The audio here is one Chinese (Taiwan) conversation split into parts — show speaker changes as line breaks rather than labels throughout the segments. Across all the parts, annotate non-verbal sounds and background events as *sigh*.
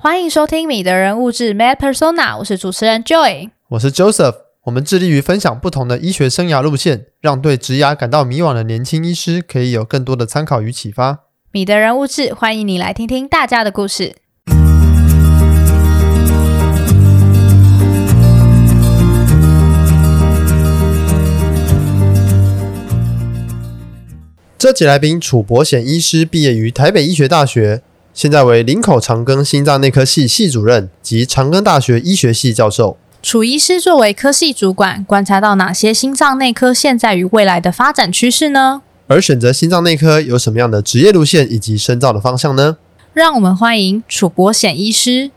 歡迎收聽《米德人物志》（Med Persona），我是主持人 Joy，
我是 Joseph。我們致力於分享不同的醫學生涯路線，讓對職涯感到迷惘的年輕醫師可以有更多的參考與啟發。
米德人物志，歡迎你來聽聽大家的故事。
這集來賓褚柏顯醫師畢業於台北醫學大學。現在為林口長庚心臟內科系系主任及長庚大學醫學系教授。
褚醫師作為科系主管，觀察到哪些心臟內科現在與未來的發展趨勢呢？
而選擇心臟內科有什麼樣的職業路線以及深造的方向呢？
讓我們歡迎褚柏顯醫
師。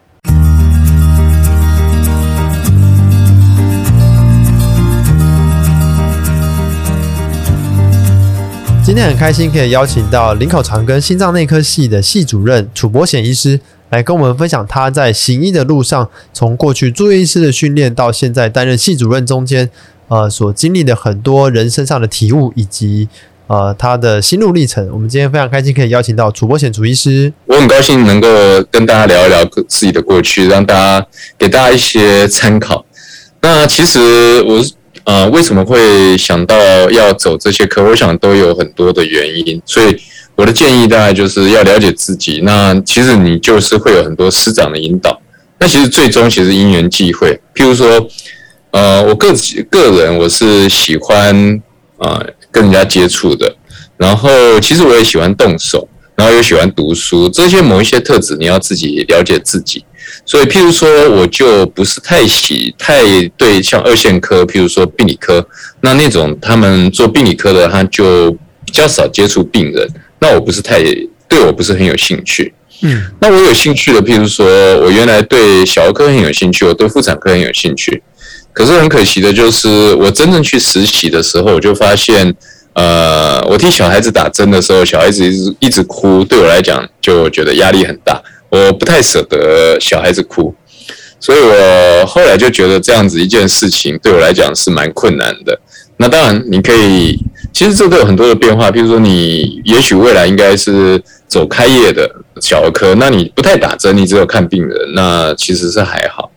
今天很開心可以邀請到林口長庚心臟內科系的系主任褚柏顯醫師來跟我們分享他在行醫的路上，從過去住院醫師的訓練到現在擔任系主任中間，呃，所經歷的很多人生上的體悟以及呃他的心路歷程。我們今天非常開心可以邀請到褚柏顯褚醫師，
我很高興能夠跟大家聊一聊自己的過去，讓大家，給大家一些參考。那其實我。呃，為什麼會想到要走這些課？我想都有很多的原因。所以我的建議大概就是要了解自己。那其實你就是會有很多師長的引導。那其實最終其實因緣際會。譬如說，呃，我個個人我是喜歡啊、呃、跟人家接觸的。然後其實我也喜歡動手，然後又喜歡讀書。這些某一些特質，你要自己了解自己。所以，譬如說，我就不是太喜太對，像二線科，譬如說病理科，那那種他們做病理科的，他就比較少接觸病人，那我不是太對，我不是很有興趣。嗯，那我有興趣的，譬如說，我原來對小兒科很有興趣，我對婦產科很有興趣。可是很可惜的，就是我真正去實習的時候，我就發現，呃，我替小孩子打針的時候，小孩子一直一直哭，對我來講就覺得壓力很大。我不太捨得小孩子哭，所以我後來就覺得這樣子一件事情對我來講是蠻困難的。那當然你可以，其實這個有很多的變化，譬如說你也許未來應該是走開業的小兒科，那你不太打針，你只有看病人，那其實是還好。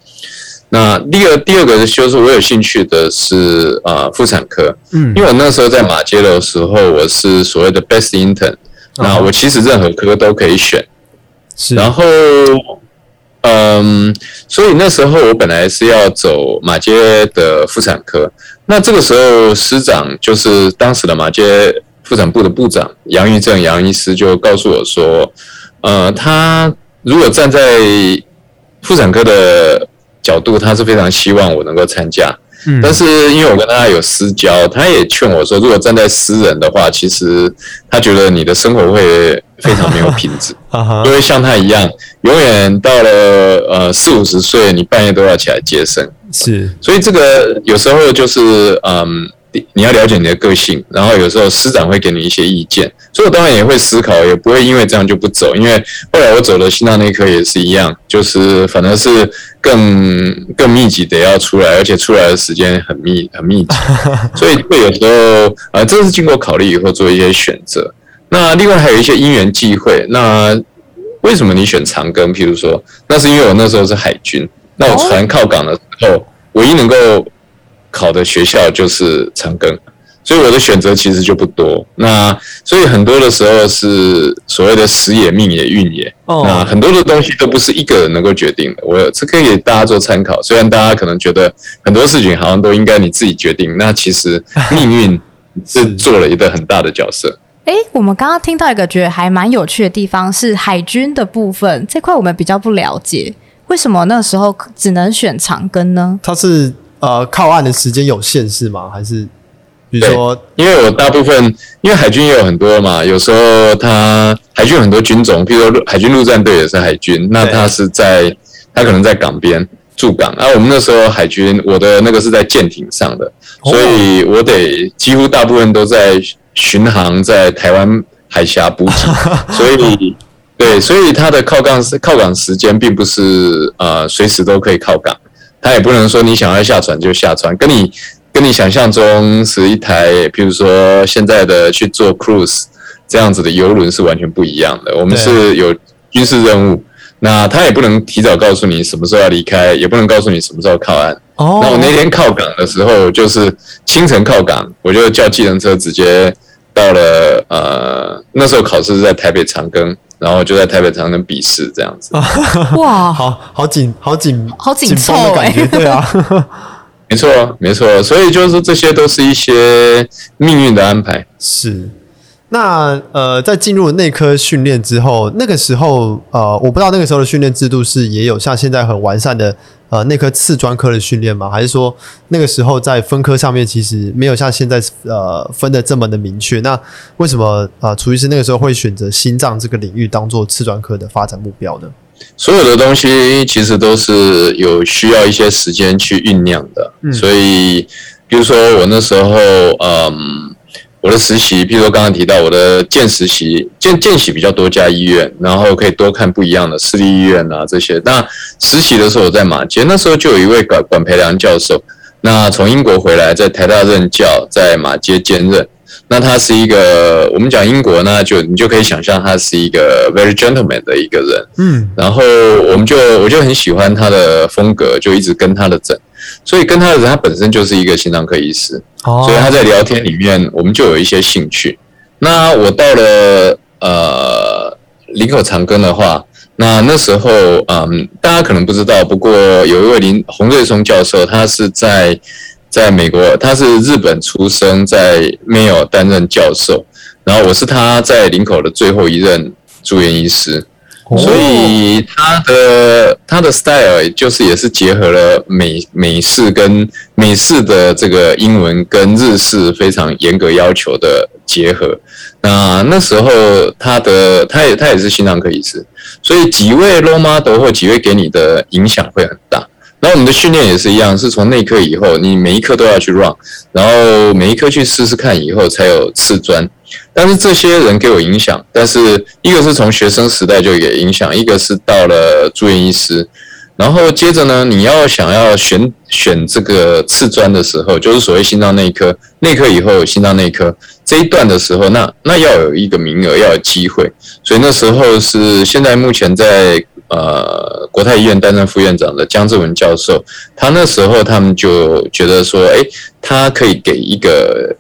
那第二第二個就是我有興趣的是啊婦產科，嗯，因為我那時候在馬偕的時候，我是所謂的 best intern，那我其實任何科都可以選。是然後，嗯，所以那時候我本來是要走馬偕的婦產科。那這個時候，師長就是當時的馬偕婦產部的部長楊育正楊醫師就告訴我說，呃，他如果站在婦產科的角度，他是非常希望我能夠參加。但是因為我跟他有私交，他也勸我說，如果站在私人的話，其實他覺得你的生活會非常沒有品質，因 *laughs* 為像他一樣，永遠到了呃四五十歲，你半夜都要起來接生，是，所以這個有時候就是嗯。你要了解你的個性，然後有時候師長會給你一些意見，所以我當然也會思考，也不會因為這樣就不走。因為後來我走了心臟內科也是一樣，就是反正是更更密集的要出來，而且出來的時間很密很密集，所以會有時候呃，這是經過考慮以後做一些選擇。那另外還有一些因緣際會，那為什麼你選長庚？譬如說，那是因為我那時候是海軍，那我船靠港的時候，唯一能夠。考的學校就是長庚，所以我的選擇其實就不多。那所以很多的時候是所謂的時也命也運也，oh. 那很多的東西都不是一個人能夠決定的。我這可以給大家做參考，雖然大家可能覺得很多事情好像都應該你自己決定，那其實命運是做了一個很大的角色。
哎， *laughs* 我們剛剛聽到一個覺得還蠻有趣的地方是海軍的部分這塊，我們比較不了解，為什麼那時候只能選長庚呢？
它是。呃，靠岸的時間有限是嗎？還是
比如說，對，因為我大部分因為海軍也有很多嘛，有時候他海軍很多軍種，譬如說海軍陸戰隊也是海軍，那他是在他可能在港邊駐港。啊，我們那時候海軍，我的那個是在艦艇上的，Oh. 所以我得幾乎大部分都在巡航，在台灣海峽補給。 *laughs* 所以對，所以他的靠港是靠港時間，並不是呃隨時都可以靠港。他也不能說你想要下船就下船，跟你跟你想象中是一台，譬如說現在的去做 cruise 這樣子的遊輪是完全不一樣的。我們是有軍事任務，那他也不能提早告訴你什麼時候要離開，也不能告訴你什麼時候靠岸。那我那天靠港的時候就是清晨靠港，我就叫計程車直接。到了呃，那時候考試是在台北長庚，然後就在台北長庚筆試這樣子。
哇，好好緊，好緊，好緊湊、欸、的感覺。對啊，
沒錯，沒錯。所以就是說這些都是一些命運的安排。是。
那呃，在進入內科訓練之後，那個時候呃，我不知道那個時候的訓練制度是也有像現在很完善的呃內科次專科的訓練嗎？還是說那個時候在分科上面其實沒有像現在呃分得這麼的明確？那為什麼啊，褚、呃、醫師那個時候會選擇心臟這個領域當做次專科的發展目標呢？
所有的東西其實都是有需要一些時間去醞釀的、嗯，所以比如說我那時候嗯。呃我的實習，譬如說剛剛提到我的見實習，見見習比較多家醫院，然後可以多看不一樣的私立醫院啊這些。那實習的時候我在馬偕，那時候就有一位管管培良教授，那從英國回來，在台大任教，在馬偕兼任。那他是一個，我們講英國呢，就你就可以想象他是一個 very gentleman 的一個人，嗯，然後我們就我就很喜歡他的風格，就一直跟他的診。所以跟他的診，他本身就是一個心臟科醫師，所以他在聊天裡面我們就有一些興趣。那我到了呃林口長庚的話，那那時候嗯大家可能不知道，不過有一位林洪瑞松教授，他是在。在美國，他是日本出生，在 Mayo 擔任教授，然後我是他在林口的最後一任住院醫師，
所以
他的他的 style 就是也是結合了美美式跟美式的這個英文跟日式非常嚴格要求的結合。那那時候他的他也他也是心臟科醫師，所以幾位 role model 或幾位給你的影響會很大。那我們的訓練也是一樣，是從內科以後，你每一科都要去 run，然後每一科去試試看以後才有次專。但是這些人給我影響，但是一個是從學生時代就有影響，一個是到了住院醫師，然後接着呢，你要想要選選這個次專的時候，就是所謂心臟內科，內科以後心臟內科這一段的時候，那那要有一個名額，要有機會，所以那時候是現在目前在。呃，國泰醫院擔任副院長的姜志文教授，他那時候他們就覺得說，哎、欸，他可以給一個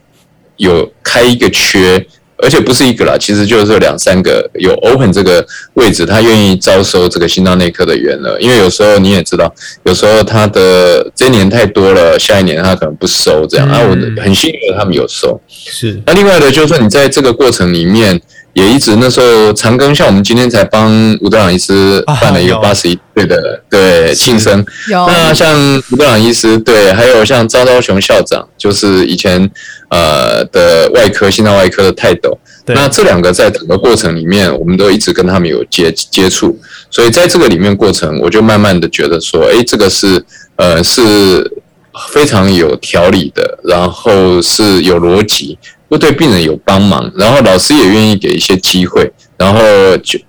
有開一個缺，而且不是一個啦，其實就是兩三個有 open 這個位置，他願意招收這個心臟內科的員了。因為有時候你也知道，有時候他的這一年太多了，下一年他可能不收這樣。嗯、啊，我很幸運他們有收。是。那、啊、另外的，就是說你在這個過程裡面。也一直，那時候長庚，像我們今天才幫吳德朗醫師辦了一個八十一歲的、啊、對，慶生。那像吳德朗醫師對，還有像張昭雄校長，就是以前呃的外科心臟外科的泰斗，那這兩個在整個過程裡面，我們都一直跟他們有接接觸，所以在這個裡面過程，我就慢慢的覺得說，哎、欸，這個是呃是非常有條理的，然後是有邏輯。對病人有幫忙，然後老師也願意給一些機會，然後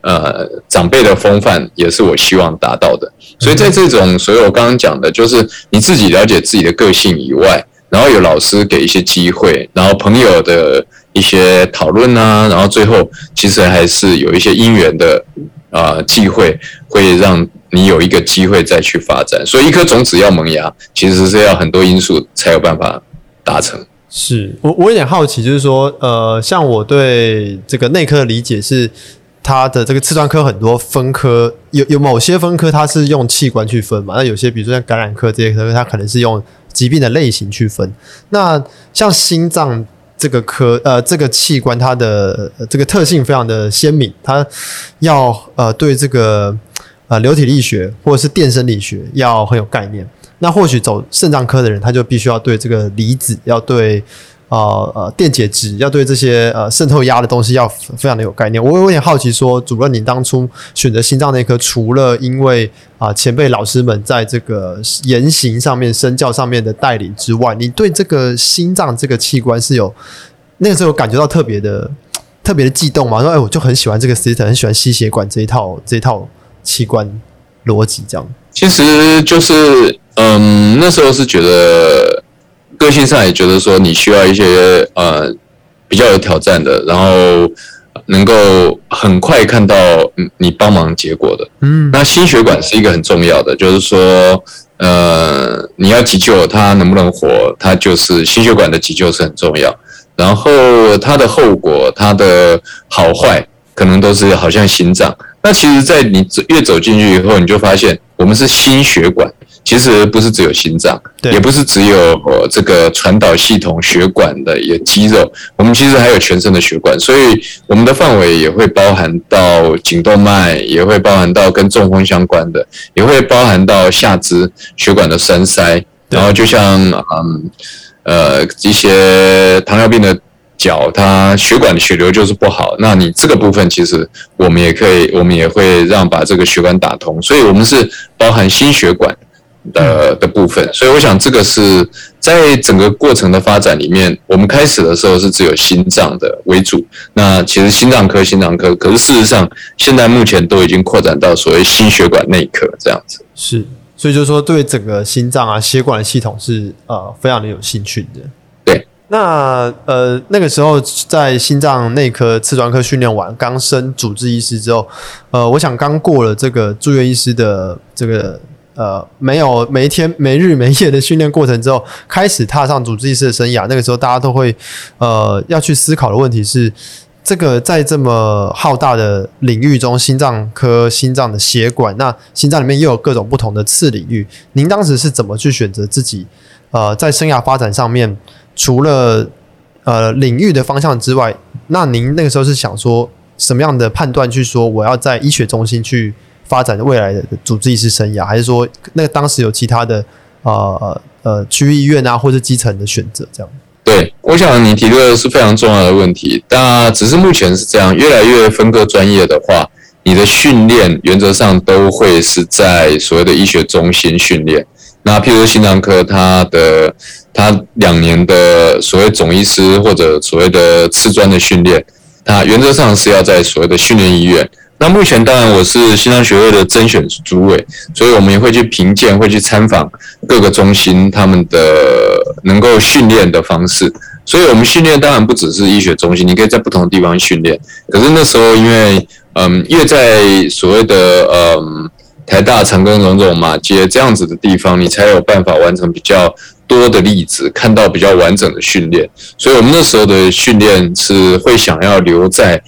呃長輩的風範也是我希望達到的。所以在這種，所以我剛剛講的就是你自己了解自己的個性以外，然後有老師給一些機會，然後朋友的一些討論啊，然後最後其實還是有一些因緣的啊、呃、機會，會讓你有一個機會再去發展。所以一顆種子要萌芽，其實是要很多因素才有辦法達成。
是我我有點好奇，就是說，呃，像我對這個內科的理解是，它的這個次專科很多分科，有有某些分科它是用器官去分嘛，那有些比如說像感染科這些科，它可能是用疾病的類型去分。那像心臟這個科，呃，這個器官它的、呃、這個特性非常的鮮明，它要呃對這個呃流體力學或者是電生理學要很有概念。那或許走腎臟科的人，他就必須要對這個離子，要對呃呃電解質，要對這些呃滲透壓的東西，要非常的有概念。我有點好奇說，說主任，你當初選擇心臟內科，除了因為啊、呃、前輩老師們在這個言行上面、身教上面的帶領之外，你對這個心臟這個器官是有那個時候有感覺到特別的、特別的激動嗎？說哎、欸，我就很喜歡這個 system，很喜歡心血管這一套、這一套器官邏輯這樣。
其實就是。嗯，那時候是覺得個性上也覺得說，你需要一些呃比較有挑戰的，然後能夠很快看到你你幫忙結果的。嗯，那心血管是一個很重要的，就是說呃你要急救他能不能活，它就是心血管的急救是很重要。然後它的後果，它的好壞可能都是好像心臟。那其實，在你越走進去以後，你就發現我們是心血管，其實不是只有心臟，也不是只有這個傳導系統血管的一個肌肉，我們其實還有全身的血管，所以我們的範圍也會包含到頸動脈，也會包含到跟中風相關的，也會包含到下肢血管的栓塞，然後就像嗯呃一些糖尿病的。腳它血管的血流就是不好，那你這個部分其實我們也可以，我們也會讓把這個血管打通，所以我們是包含心血管的的部分。所以我想這個是在整個過程的發展裡面，我們開始的時候是只有心臟的為主，那其實心臟科、心臟科，可是事實上現在目前都已經擴展到所謂心血管內科這樣子。
是，所以就是說對整個心臟啊血管系統是呃非常的有興趣的。那呃，那個時候在心臟內科、次專科訓練完，剛升主治醫師之後，呃，我想剛過了這個住院醫師的這個呃，沒有每一天、沒日沒夜的訓練過程之後，開始踏上主治醫師的生涯。那個時候，大家都會呃要去思考的問題是：這個在這麼浩大的領域中，心臟科、心臟的血管，那心臟裡面又有各種不同的次領域。您當時是怎麼去選擇自己呃在生涯發展上面？除了呃領域的方向之外，那您那個時候是想說什麼樣的判斷去說我要在醫學中心去發展未來的主治醫師生涯，還是說那個當時有其他的呃呃區域醫院啊，或是基層的選擇這樣？
對，我想你提的是非常重要的問題，那只是目前是這樣，越來越分割專業的話，你的訓練原則上都會是在所謂的醫學中心訓練。那譬如說心臟科他，他的他兩年的所謂總醫師或者所謂的次專的訓練，他原則上是要在所謂的訓練醫院。那目前當然我是心臟學會的甄選主委，所以我們也會去評鑑，會去參訪各個中心他們的能夠訓練的方式。所以我們訓練當然不只是醫學中心，你可以在不同的地方訓練。可是那時候因為嗯，因為在所謂的嗯。台大、長庚、榮總、馬偕這樣子的地方，你才有辦法完成比較多的例子，看到比較完整的訓練。所以，我們那時候的訓練是會想要留在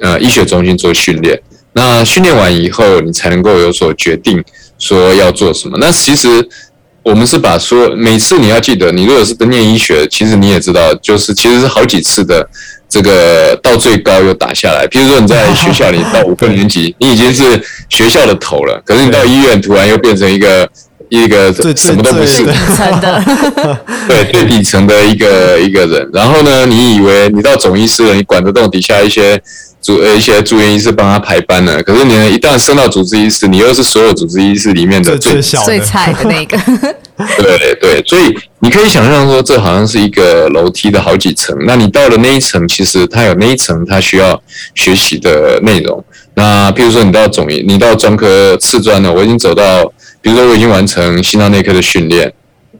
呃醫學中心做訓練。那訓練完以後，你才能夠有所決定，說要做什麼。那其實我們是把說每次你要記得，你如果是跟念醫學，其實你也知道，就是其實是好幾次的。這個到最高又打下來。比如說你在學校裡到五個年級，你已經是學校的頭了，可是你到醫院突然又變成一個。一個什麼都不是， *laughs* 對，最底層的一個一個人。然後呢，你以為你到總醫師了，你管得動底下一些主呃一些住院醫師幫他排班呢？可是你一旦升到主治醫師，你又是所有主治醫師裡面的最最菜的那個。對對,對，所以你可以想象說，這好像是一個樓梯的好幾層。那你到了那一層，其實它有那一層它需要學習的內容。那比如說你到總醫，你到專科次專了，我已經走到。比如說，我已經完成心臟內科的訓練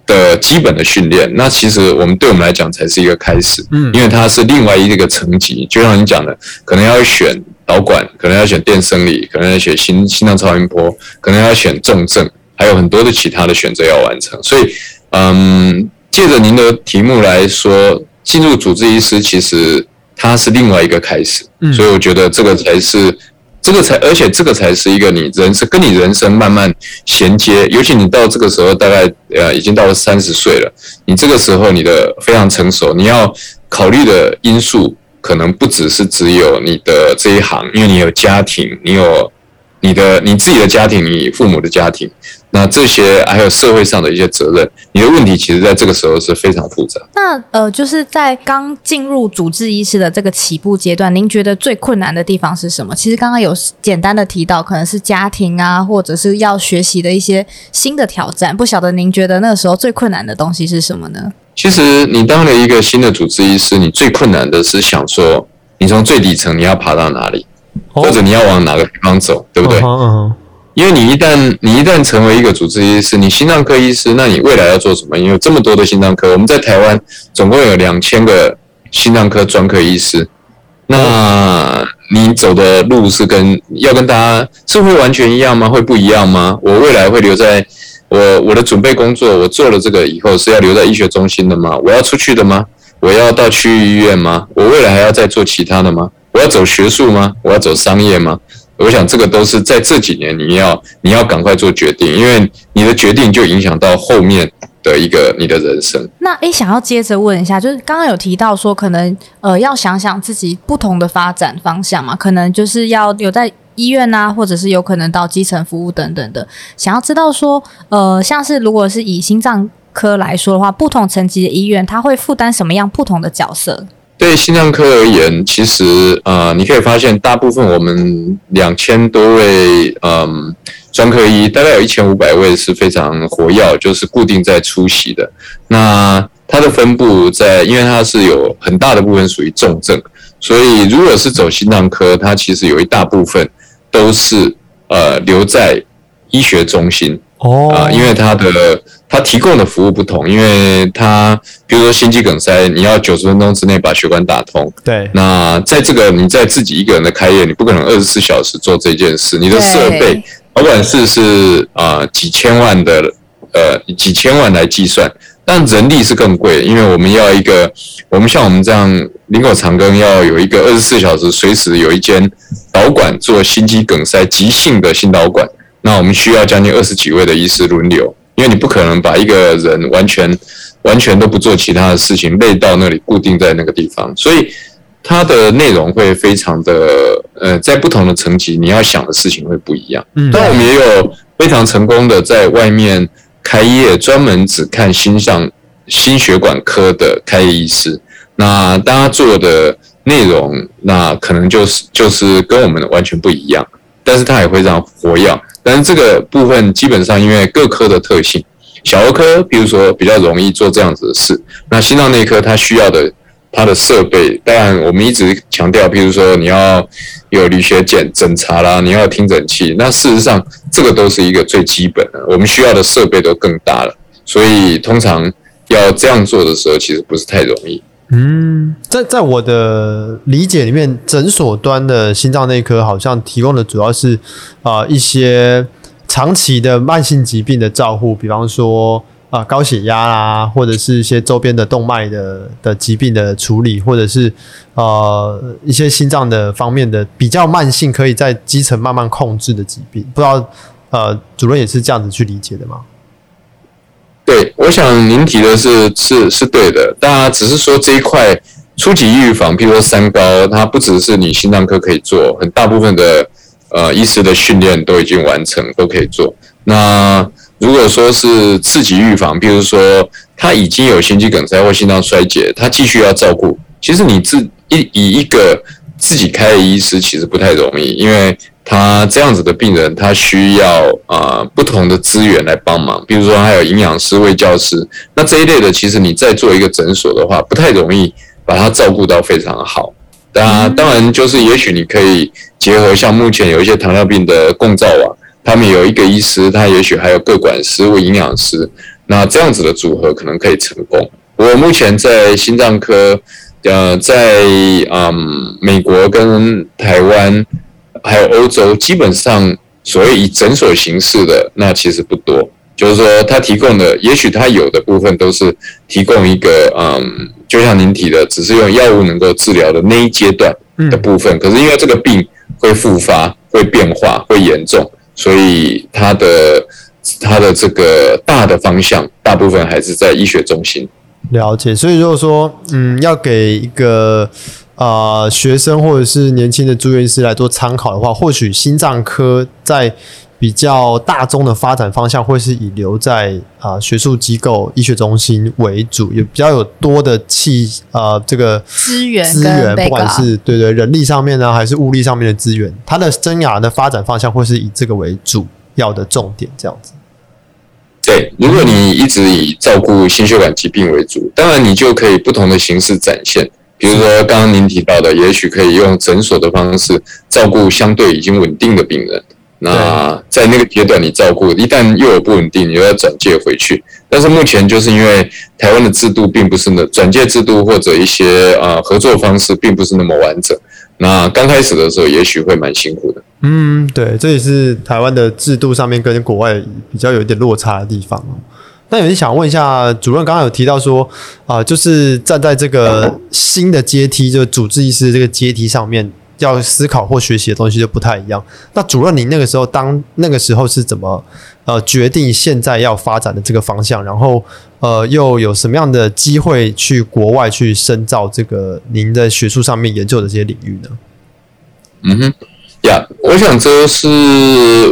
的基本的訓練，那其實我們對我們來講才是一個開始，因為它是另外一個層級。就像您講的，可能要選導管，可能要選電生理，可能要選心心臟超音波，可能要選重症，還有很多的其他的選擇要完成。所以，嗯，借着您的題目來說，進入主治醫師其實它是另外一個開始，所以我覺得這個才是。這個才，而且這個才是一個你人生跟你人生慢慢銜接，尤其你到這個時候，大概呃已經到了三十歲了，你這個時候你的非常成熟，你要考慮的因素可能不只是只有你的這一行，因為你有家庭，你有你的你自己的家庭，你父母的家庭。那這些還有社會上的一些責任，你的問題其實在這個時候是非常複雜。
那呃，就是在剛進入主治醫師的這個起步階段，您覺得最困難的地方是什麼？其實剛剛有簡單的提到，可能是家庭啊，或者是要學習的一些新的挑戰。不曉得您覺得那個時候最困難的東西是什麼呢？
其實你當了一個新的主治醫師，你最困難的是想說，你從最底層你要爬到哪裡，或者你要往哪個地方走，oh. 對不對？Oh. Oh, oh, oh, oh. 因為你一旦你一旦成為一個主治醫師，你心臟科醫師，那你未來要做什麼？因為有這麼多的心臟科，我們在台灣總共有兩千個心臟科專科醫師。那你走的路是跟要跟大家似乎完全一樣嗎？會不一樣嗎？我未來會留在我我的準備工作，我做了這個以後是要留在醫學中心的嗎？我要出去的嗎？我要到區域醫院嗎？我未來還要再做其他的嗎？我要走學術嗎？我要走商業嗎？我想這個都是在這幾年，你要你要趕快做決定，因為你的決定就影響到後面的一個你的人生。
那誒，想要接着問一下，就是剛剛有提到說，可能呃要想想自己不同的發展方向嘛，可能就是要留在醫院啊，或者是有可能到基層服務等等的。想要知道說，呃，像是如果是以心臟科來說的話，不同層級的醫院，它會負擔什麼樣不同的角色？
對心臟科而言，其實呃你可以發現，大部分我們兩千多位嗯、呃、專科醫，大概有一千五百位是非常活躍，就是固定在出席的。那它的分布在，因為它是有很大的部分屬於重症，所以如果是走心臟科，它其實有一大部分都是呃留在醫學中心。哦啊，因為它的它提供的服務不同，因為它比如說心肌梗塞，你要九十分鐘之內把血管打通。對，那在這個你在自己一個人的開業，你不可能二十四小時做這件事，你的設備導管是是啊、呃、幾千萬的呃幾千萬來計算，但人力是更貴，因為我們要一個我們像我們這樣林口長庚要有一個二十四小時隨時有一間導管做心肌梗塞急性的心導管。那我們需要將近二十幾位的醫師輪流，因為你不可能把一個人完全，完全都不做其他的事情，累到那裡固定在那個地方，所以他的內容會非常的呃，在不同的層級，你要想的事情會不一樣。但我們也有非常成功的在外面開業，專門只看心臟、心血管科的開業醫師，那大家做的內容，那可能就是就是跟我們的完全不一樣，但是他也會讓活藥。但這個部分基本上，因為各科的特性，小兒科比如說比較容易做這樣子的事，那心臟內科它需要的，它的設備，當然我們一直強調，比如說你要有理學檢診查啦，你要有聽診器，那事實上這個都是一個最基本的，我們需要的設備都更大了，所以通常要這樣做的時候，其實不是太容易。
嗯，在在我的理解裡面，診所端的心臟內科好像提供的主要是啊、呃、一些長期的慢性疾病的照護，比方說啊、呃、高血壓啦、啊，或者是一些周邊的動脈的的疾病的處理，或者是呃一些心臟的方面的比較慢性，可以在基層慢慢控制的疾病。不知道呃主任也是這樣子去理解的嗎？
對，我想您提的是是是對的，當然只是說這一塊初級預防，比如說三高，它不只是你心臟科可以做，很大部分的呃醫師的訓練都已經完成，都可以做。那如果說是次級預防，比如說他已經有心肌梗塞或心臟衰竭，他繼續要照顧，其實你自一以一個自己開的醫師其實不太容易，因為。他這樣子的病人，他需要呃不同的資源來幫忙，比如說還有營養師、衛教師，那這一類的，其實你在做一個診所的話，不太容易把他照顧到非常好。那當然就是，也許你可以結合像目前有一些糖尿病的共照網，他們有一個醫師，他也許還有個管師、衛營養師，那這樣子的組合可能可以成功。我目前在心臟科，呃，在嗯美國跟台灣。還有歐洲，基本上所謂以診所形式的，那其實不多。就是說，它提供的，也許它有的部分都是提供一個，嗯，就像您提的，只是用藥物能夠治療的那一階段的部分，嗯。可是因為這個病會復發、會變化、會嚴重，所以它的它的這個大的方向，大部分還是在醫學中心。
了解，所以如果說，嗯，要給一個。呃，學生或者是年輕的住院醫師來做參考的話，或許心臟科在比較大眾的發展方向會是以留在啊、呃、學術機構、醫學中心為主，也有比較有多的氣呃這個資
源資源，不管是
對對，對人力上面呢，還是物力上面的資源，他的生涯的發展方向會是以這個為主要的重點，這樣子。
對，如果你一直以照顧心血管疾病為主，當然你就可以不同的形式展現。比如說剛剛您提到的，也許可以用診所的方式照顧相對已經穩定的病人。那在那個階段你照顧，一旦又有不穩定，你又要轉介回去。但是目前就是因為台灣的制度並不是那轉介制度或者一些呃合作方式並不是那麼完整。那剛開始的時候也許會蠻辛苦的。
嗯，對，這也是台灣的制度上面跟國外比較有一點落差的地方。那有人想問一下主任，剛剛有提到說啊、呃，就是站在這個新的階梯，就是主治醫師這個階梯上面，要思考或學習的東西就不太一樣。那主任，您那個時候當那個時候是怎麼呃決定現在要發展的這個方向？然後呃，又有什麼樣的機會去國外去深造這個您的學術上面研究的這些領域呢？嗯
哼，呀、yeah, 我想這是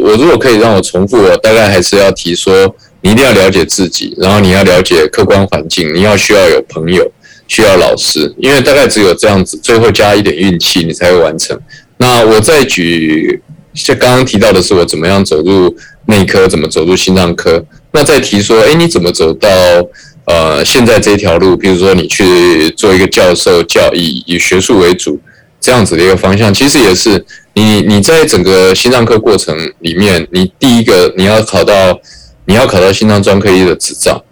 我如果可以讓我重複，我大概還是要提說。你一定要了解自己，然後你要了解客觀環境，你要需要有朋友，需要老師，因為大概只有這樣子，最後加一點運氣，你才會完成。那我再舉，就剛剛提到的是我怎麼樣走入內科，怎麼走入心臟科。那再提說，誒，你怎麼走到呃現在這條路？比如說你去做一個教授，教以以學術為主這樣子的一個方向，其實也是你你在整個心臟科過程裡面，你第一個你要考到。你要考到心臟專科醫的執照，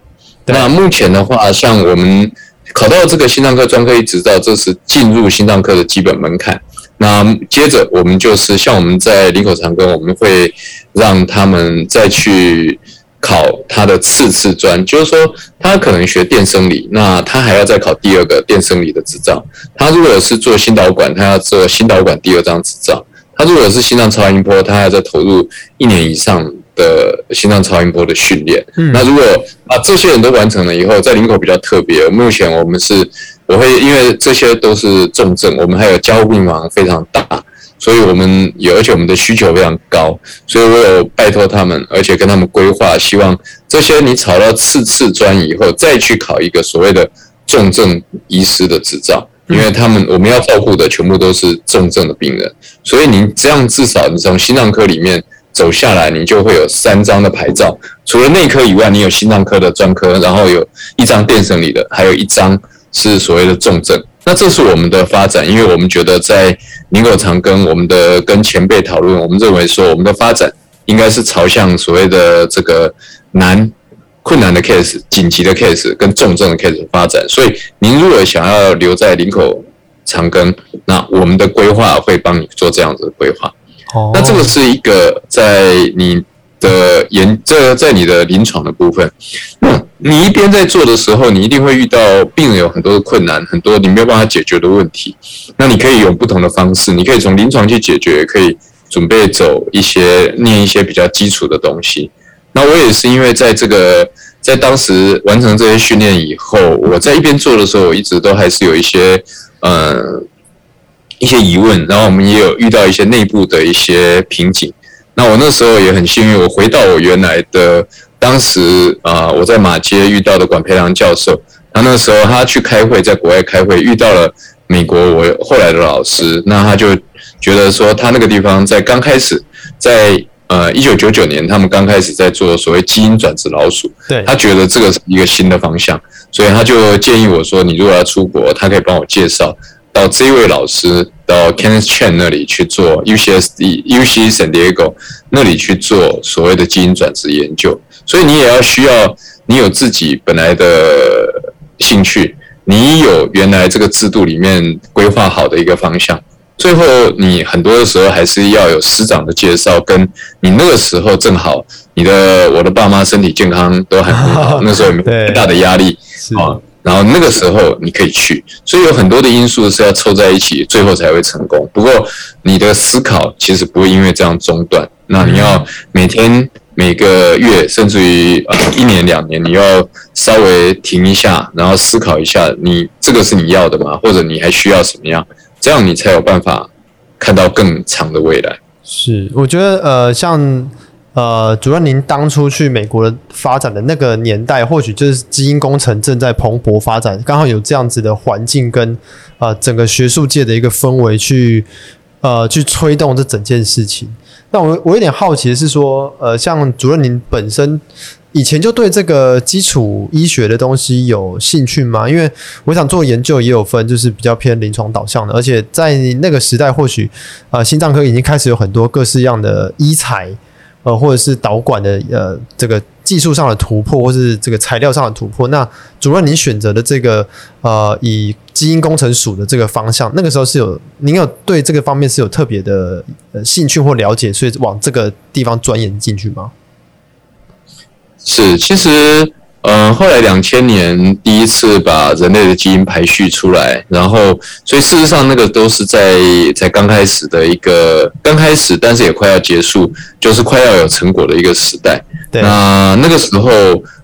那目前的話，像我們考到這個心臟科專科醫執照，這是進入心臟科的基本門檻。那接着我們就是像我們在林口長庚，我們會讓他們再去考他的次次專，就是說他可能學電生理，那他還要再考第二個電生理的執照。他如果是做心導管，他要做心導管第二張執照。他如果是心臟超音波，他還要再投入一年以上的心臟超音波的訓練，那如果把這些人都完成了以後，在林口比較特別。目前我們是我會，因為這些都是重症，我們還有加護病房非常大，所以我們有，而且我們的需求非常高，所以我有拜托他們，而且跟他們規劃，希望這些你考到次次專以後，再去考一個所謂的重症醫師的執照，因為他們我們要照顧的全部都是重症的病人，所以你這樣至少你從心臟科裡面。走下來，你就會有三張的牌照。除了內科以外，你有心臟科的專科，然後有一張電生理的，還有一張是所謂的重症。那這是我們的發展，因為我們覺得在林口長庚，我們的跟前輩討論，我們認為說我們的發展應該是朝向所謂的這個難、困難的 case、緊急的 case 跟重症的 case 的發展。所以，您如果想要留在林口長庚，那我們的規劃會幫你做這樣子的規劃。那這個是一個在你的研，這在你的臨床的部分。那你一邊在做的時候，你一定會遇到病人有很多的困難，很多你沒有辦法解決的問題。那你可以用不同的方式，你可以從臨床去解決，可以準備走一些，念一些比較基礎的東西。那我也是因為在這個，在當時完成這些訓練以後，我在一邊做的時候，我一直都還是有一些，嗯，一些疑問，然後我們也有遇到一些內部的一些瓶頸。那我那時候也很幸運，我回到我原來的，當時啊，呃，我在馬街遇到的管培良教授。他那時候他去開會，在國外開會，遇到了美國我後來的老師。那他就覺得說，他那個地方在剛開始，在呃1999年，他們剛開始在做所謂基因轉殖老鼠。他覺得這個是一個新的方向，所以他就建議我說，你如果要出國，他可以幫我介紹。到這一位老師，到 Kenneth Chen 那裡去做 UCSD、UC San Diego 那裡去做所謂的基因轉殖研究，所以你也要需要你有自己本來的興趣，你有原來這個制度裡面規劃好的一個方向，最後你很多的時候還是要有師長的介紹，跟你那個時候正好你的我的爸媽身體健康都很好，哦，那時候沒太大，大的壓力啊。然後那個時候你可以去，所以有很多的因素是要湊在一起，最後才會成功。不過你的思考其實不會因為這樣中斷。那你要每天、每個月，甚至於呃一年、兩年，你要稍微停一下，然後思考一下你，你這個是你要的嗎？或者你還需要什麼樣？這樣你才有辦法看到更長的未來。
是，我覺得呃，像。呃，主任，您當初去美國的發展的那個年代，或許就是基因工程正在蓬勃發展，剛好有這樣子的環境跟呃整個學術界的一個氛圍去呃去推動這整件事情。那我我有點好奇的是說，呃，像主任您本身以前就對這個基礎醫學的東西有興趣嗎？因為我想做研究也有分，就是比較偏臨床導向的，而且在那個時代或，或許呃心臟科已經開始有很多各式樣的醫材。呃，或者是導管的呃，這個技術上的突破，或是這個材料上的突破。那主任，您選擇的這個呃，以基因工程署的這個方向，那個時候是有您有對這個方面是有特別的、呃、興趣或了解，所以往這個地方鑽研進去嗎？
是，其實。嗯，後來兩千年第一次把人類的基因排序出來，然後，所以事實上那個都是在才剛開始的一個剛開始，但是也快要結束，就是快要有成果的一個時代。對，那那個時候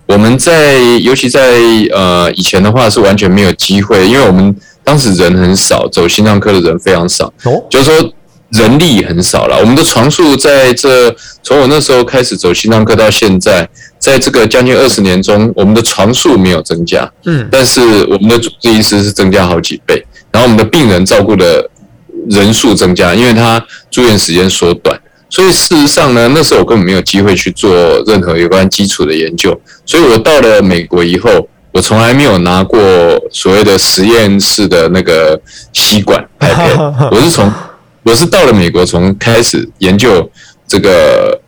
我們在，尤其在呃以前的話是完全沒有機會，因為我們當時人很少，走心臟科的人非常少，哦、就是說。人力很少了，我們的床數在這從我那時候開始走心臟科到現在，在這個將近二十年中，我們的床數沒有增加，嗯，但是我們的主治醫師是增加好幾倍，然後我們的病人照顧的人數增加，因為他住院時間縮短，所以事實上呢，那時候我根本沒有機會去做任何有關基礎的研究，所以我到了美國以後，我從來沒有拿過所謂的實驗室的那個吸管，好好好，我是從。我是到了美國，從開始研究這個，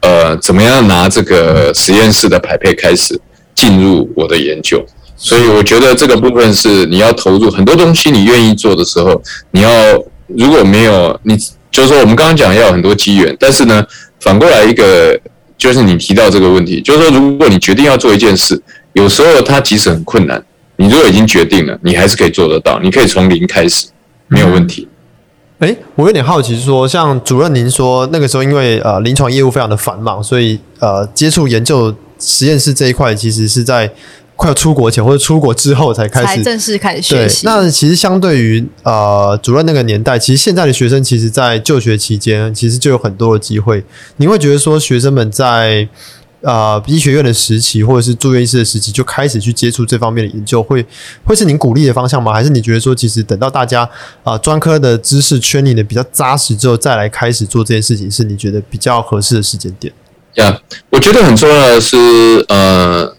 呃，怎麼樣拿這個實驗室的排配開始進入我的研究，所以我覺得這個部分是你要投入很多東西，你願意做的時候，你要如果沒有你，就是說我們剛剛講要很多機緣，但是呢，反過來一個就是你提到這個問題，就是說如果你決定要做一件事，有時候它即使很困難，你如果已經決定了，你還是可以做得到，你可以從零開始，沒有問題。嗯。
哎，我有點好奇說，說像主任您說那個時候，因為呃臨床業務非常的繁忙，所以呃接觸研究實驗室這一塊，其實是在快要出國前或者出國之後才開始，才正
式開始學習。那
其實相對於呃主任那個年代，其實現在的學生其實，在就學期間其實就有很多的機會。你會覺得說學生們在。啊、呃，醫學院的時期，或者是住院醫師的時期，就開始去接觸這方面的研究會，會會是您鼓勵的方向嗎？還是你覺得說，其實等到大家啊專、呃、科的知識圈裡的比較扎實之後，再來開始做這件事情，是你覺得比較合適的時間點？對、
yeah, 我覺得很重要的是，呃。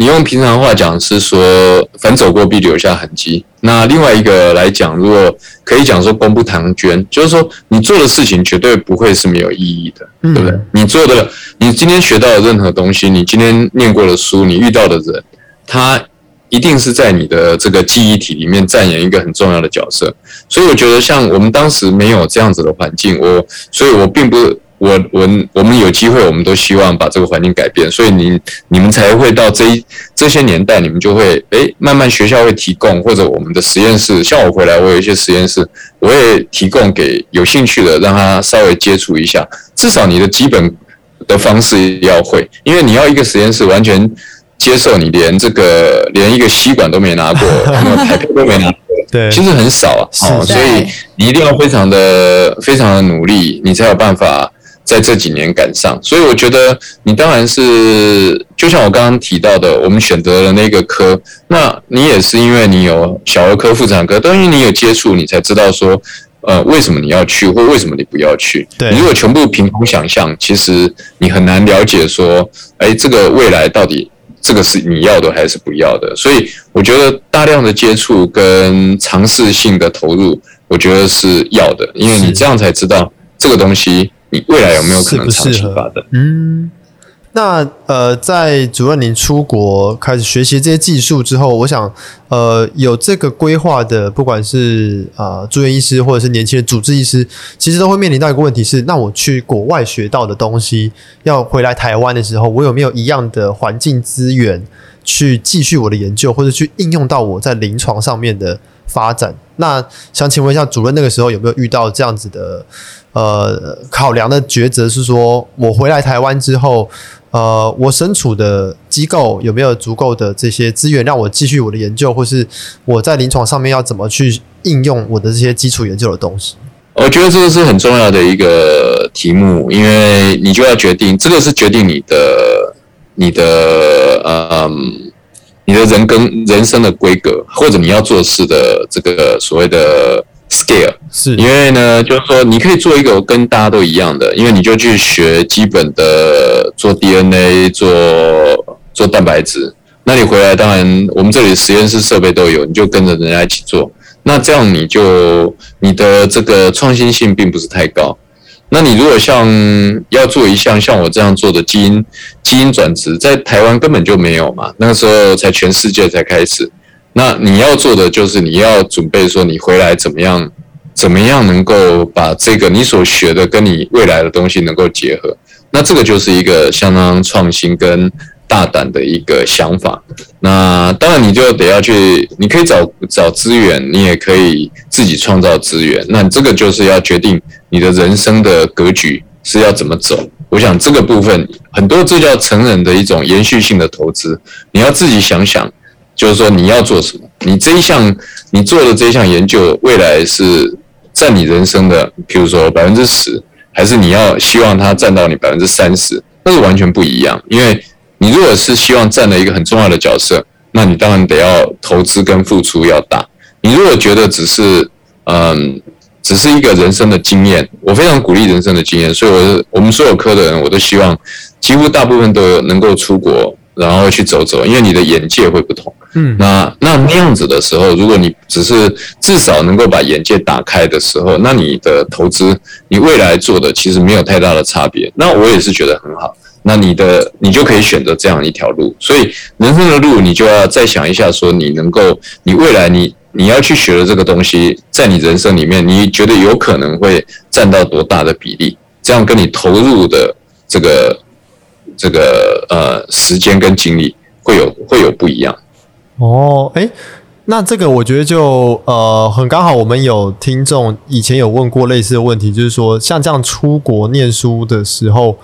你用平常話講是說，凡走過必留下痕跡。那另外一個來講，如果可以講說，功不唐捐，就是說你做的事情絕對不會是沒有意義的。嗯，對不對？你做的，你今天學到的任何東西，你今天念過的書，你遇到的人，他一定是在你的這個記憶體裡面扮演一個很重要的角色。所以我覺得，像我們當時沒有這樣子的環境，我，所以我並不。我我我們有機會，我們都希望把這個環境改變，所以你你們才會到這一這些年代，你們就會哎、欸、慢慢學校會提供，或者我們的實驗室，像我回來，我有一些實驗室，我也提供給有興趣的，讓他稍微接觸一下。至少你的基本的方式要會，因為你要一個實驗室完全接受你，連這個連一個吸管都沒拿過， *laughs* 還有台燈都沒拿過，對，其實很少啊，嗯、所以你一定要非常的非常的努力，你才有辦法。在這幾年趕上，所以我覺得你當然是就像我剛剛提到的，我們選擇了那個科，那你也是因為你有小兒科、婦產科，都因為你有接觸，你才知道說，呃，為什麼你要去，或為什麼你不要去。對，如果全部憑空想象，其實你很難了解說，哎，這個未來到底這個是你要的還是不要的。所以我覺得大量的接觸跟嘗試性的投入，我覺得是要的，因為你這樣才知道這個東西。你未來有沒有可能是不適合的？
嗯，那呃，在主任，您出國開始學習這些技術之後，我想，呃，有這個規劃的，不管是啊、呃、住院醫師或者是年輕人主治醫師，其實都會面臨到一個問題是：是那我去國外學到的東西，要回來台灣的時候，我有沒有一樣的環境資源去繼續我的研究，或者去應用到我在臨床上面的？發展，那想請問一下主任，那個時候有沒有遇到這樣子的呃考量的抉擇？是說我回來台灣之後，呃，我身處的機構有沒有足夠的這些資源讓我繼續我的研究，或是我在臨床上面要怎麼去應用我的這些基礎研究的東西？
我覺得這個是很重要的一個題目，因為你就要決定這個是決定你的你的嗯。你的人跟人生的規格，或者你要做事的這個所謂的 scale，是，因為呢，就是說你可以做一個跟大家都一樣的，因為你就去學基本的做 DNA，做做蛋白質，那你回來當然我們這裡實驗室設備都有，你就跟着人家一起做，那這樣你就你的這個創新性並不是太高。那你如果像要做一項像我這樣做的基因基因轉殖，在台灣根本就沒有嘛，那個時候才全世界才開始。那你要做的就是你要準備說你回來怎麼樣，怎麼樣能夠把這個你所學的跟你未來的東西能夠結合，那這個就是一個相當創新跟。大膽的一個想法，那當然你就得要去，你可以找找資源，你也可以自己創造資源。那這個就是要決定你的人生的格局是要怎麼走。我想這個部分很多這叫成人的一種延續性的投資，你要自己想想，就是說你要做什麼，你這一項你做的這一項研究，未來是占你人生的，比如說百分之十，還是你要希望它占到你百分之三十，那是完全不一樣，因為。你如果是希望站在一個很重要的角色，那你當然得要投資跟付出要大。你如果覺得只是，嗯、呃，只是一個人生的經驗，我非常鼓勵人生的經驗。所以我，我我們所有科的人，我都希望幾乎大部分都能夠出國，然後去走走，因為你的眼界會不同。嗯那，那那那樣子的時候，如果你只是至少能夠把眼界打開的時候，那你的投資，你未來做的其實沒有太大的差別。那我也是覺得很好。那你的你就可以選擇這樣一條路，所以人生的路你就要再想一下，說你能夠你未來你你要去學的這個東西，在你人生裡面你覺得有可能會佔到多大的比例？這樣跟你投入的這個這個呃時間跟精力會有會有不一樣。
哦，哎、欸，那這個我覺得就呃很剛好，我們有聽眾以前有問過類似的問題，就是說像這樣出國念書的時候。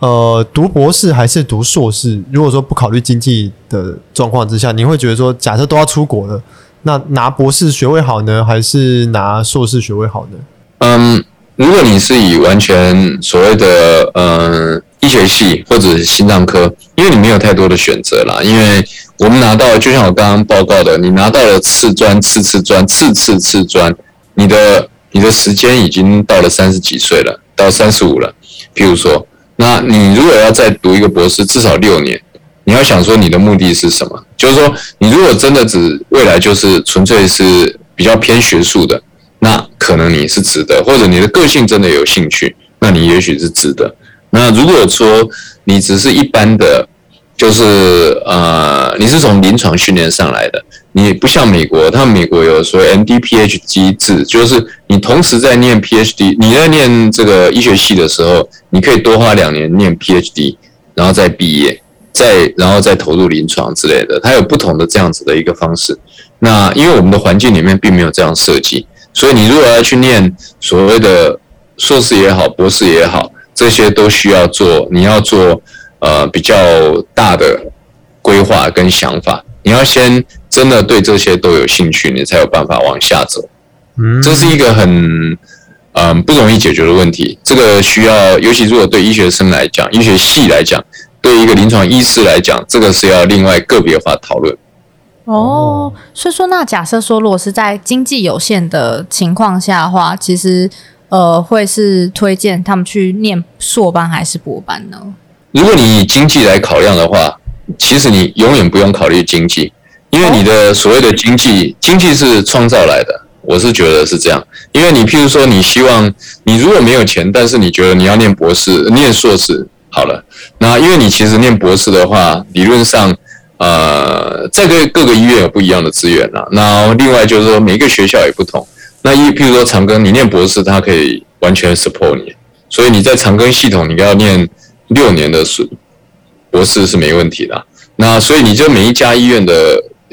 呃，讀博士還是讀碩士？如果說不考慮經濟的狀況之下，你會覺得說，假設都要出國了，那拿博士學位好呢，還是拿碩士學位好呢？嗯，
如果你是以完全所謂的呃、嗯、醫學系或者心臟科，因為你沒有太多的選擇啦，因為我們拿到，就像我剛剛報告的，你拿到了次專次次專次次次專，你的你的時間已經到了三十幾歲了，到三十五了，譬如說。那你如果要再讀一個博士，至少六年，你要想說你的目的是什麼？就是說，你如果真的只未來就是純粹是比較偏學術的，那可能你是值得；或者你的個性真的有興趣，那你也許是值得。那如果說你只是一般的，就是呃，你是從臨床訓練上來的。你不像美國，他們美國有所謂 MD PhD 機制，就是你同時在念 PhD，你在念這個醫學系的時候，你可以多花兩年念 PhD，然後再畢業，再然後再投入臨床之類的。他有不同的這樣子的一個方式。那因為我們的環境裡面並沒有這樣設計，所以你如果要去念所謂的碩士也好，博士也好，這些都需要做，你要做呃比較大的規劃跟想法，你要先。真的對這些都有興趣，你才有辦法往下走。這是一個很嗯、呃、不容易解決的問題。這個需要，尤其如果對醫學生來講，醫學系來講，對一個臨床醫師來講，這個是要另外個別化討論。
哦，所以說，那假設說，如果是在經濟有限的情況下的話，其實呃，會是推薦他們去念碩班還是博班呢？
如果你以經濟來考量的話，其實你永遠不用考慮經濟。因為你的所謂的經濟，經濟是創造來的，我是覺得是這樣。因為你譬如說，你希望你如果沒有錢，但是你覺得你要念博士、念碩士，好了。那因為你其實念博士的話，理論上，呃，在各各個醫院有不一樣的資源啦。那另外就是說，每一個學校也不同。那一譬如說長庚，你念博士，它可以完全 support 你。所以你在長庚系統，你要念六年的碩博士是沒問題的。那所以你就每一家醫院的。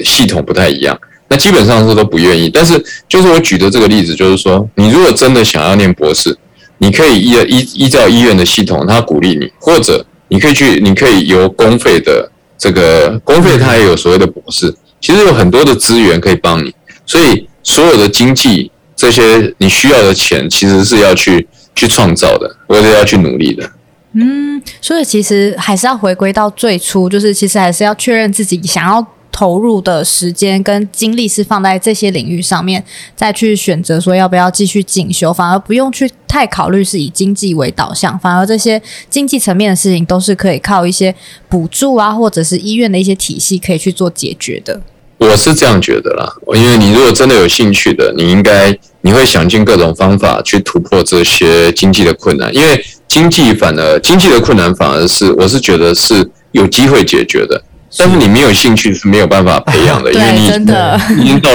系統不太一樣，那基本上是都不願意。但是就是我舉的這個例子，就是說，你如果真的想要念博士，你可以依依依照醫院的系統，他鼓勵你，或者你可以去，你可以由公費的這個公費，他也有所謂的博士。其實有很多的資源可以幫你，所以所有的經濟這些你需要的錢，其實是要去去創造的，或者要去努力的。
嗯，所以其實還是要回歸到最初，就是其實還是要確認自己想要。投入的時間跟精力是放在這些領域上面，再去選擇說要不要繼續進修，反而不用去太考慮是以經濟為導向，反而這些經濟層面的事情都是可以靠一些補助啊，或者是醫院的一些體系可以去做解決的。
我是這樣覺得啦，因為你如果真的有興趣的，你應該你會想盡各種方法去突破這些經濟的困難，因為經濟反而，經濟的困難反而是，我是覺得是有機會解決的。但是你沒有興趣是沒有辦法培養的，因為你已經到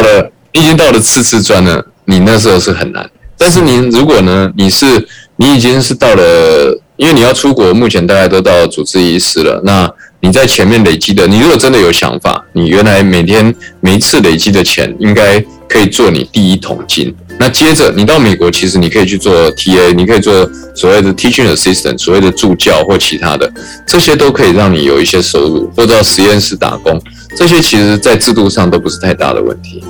了， *laughs* 已經到了次次專了，你那時候是很難。但是你如果呢，你是你已經是到了，因為你要出國，目前大概都到主治醫師了。那你在前面累積的，你如果真的有想法，你原來每天每一次累積的錢，應該可以做你第一桶金。那接着你到美國，其實你可以去做 TA，你可以做所謂的 Teaching Assistant，所謂的助教或其他的，這些都可以讓你有一些收入，或者到實驗室打工，這些其實在制度上都不是太大的問題。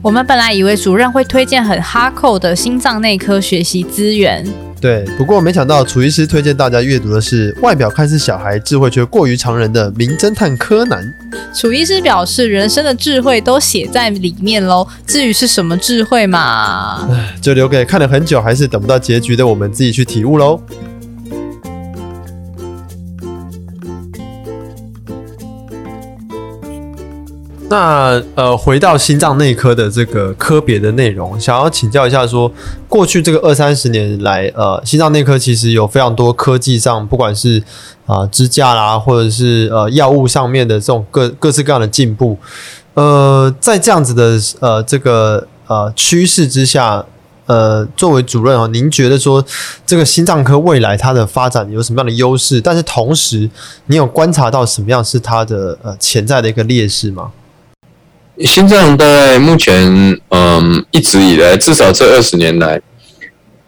我們本來以為主任會推薦很 hardcore 的心臟內科學習資源。
對，不過沒想到褚醫師推薦大家閱讀的是外表看似小孩，智慧卻過於常人的名偵探柯南。
褚醫師表示，人生的智慧都寫在裡面嘍。至於是什麼智慧嘛，唉，
就留給看了很久還是等不到結局的我們自己去體悟嘍。那呃，回到心臟內科的這個科別的內容，想要請教一下說，過去這個二三十年來，呃，心臟內科其實有非常多科技上，不管是啊，呃，支架啦，或者是呃藥物上面的這種各各式各樣的進步。呃，在這樣子的呃這個呃趨勢之下，呃，作為主任啊，您覺得說這個心臟科未來它的發展有什麼樣的優勢？但是同時，你有觀察到什麼樣是它的呃潛在的一個劣勢嗎？
心臟在目前，嗯，一直以來，至少這二十年來，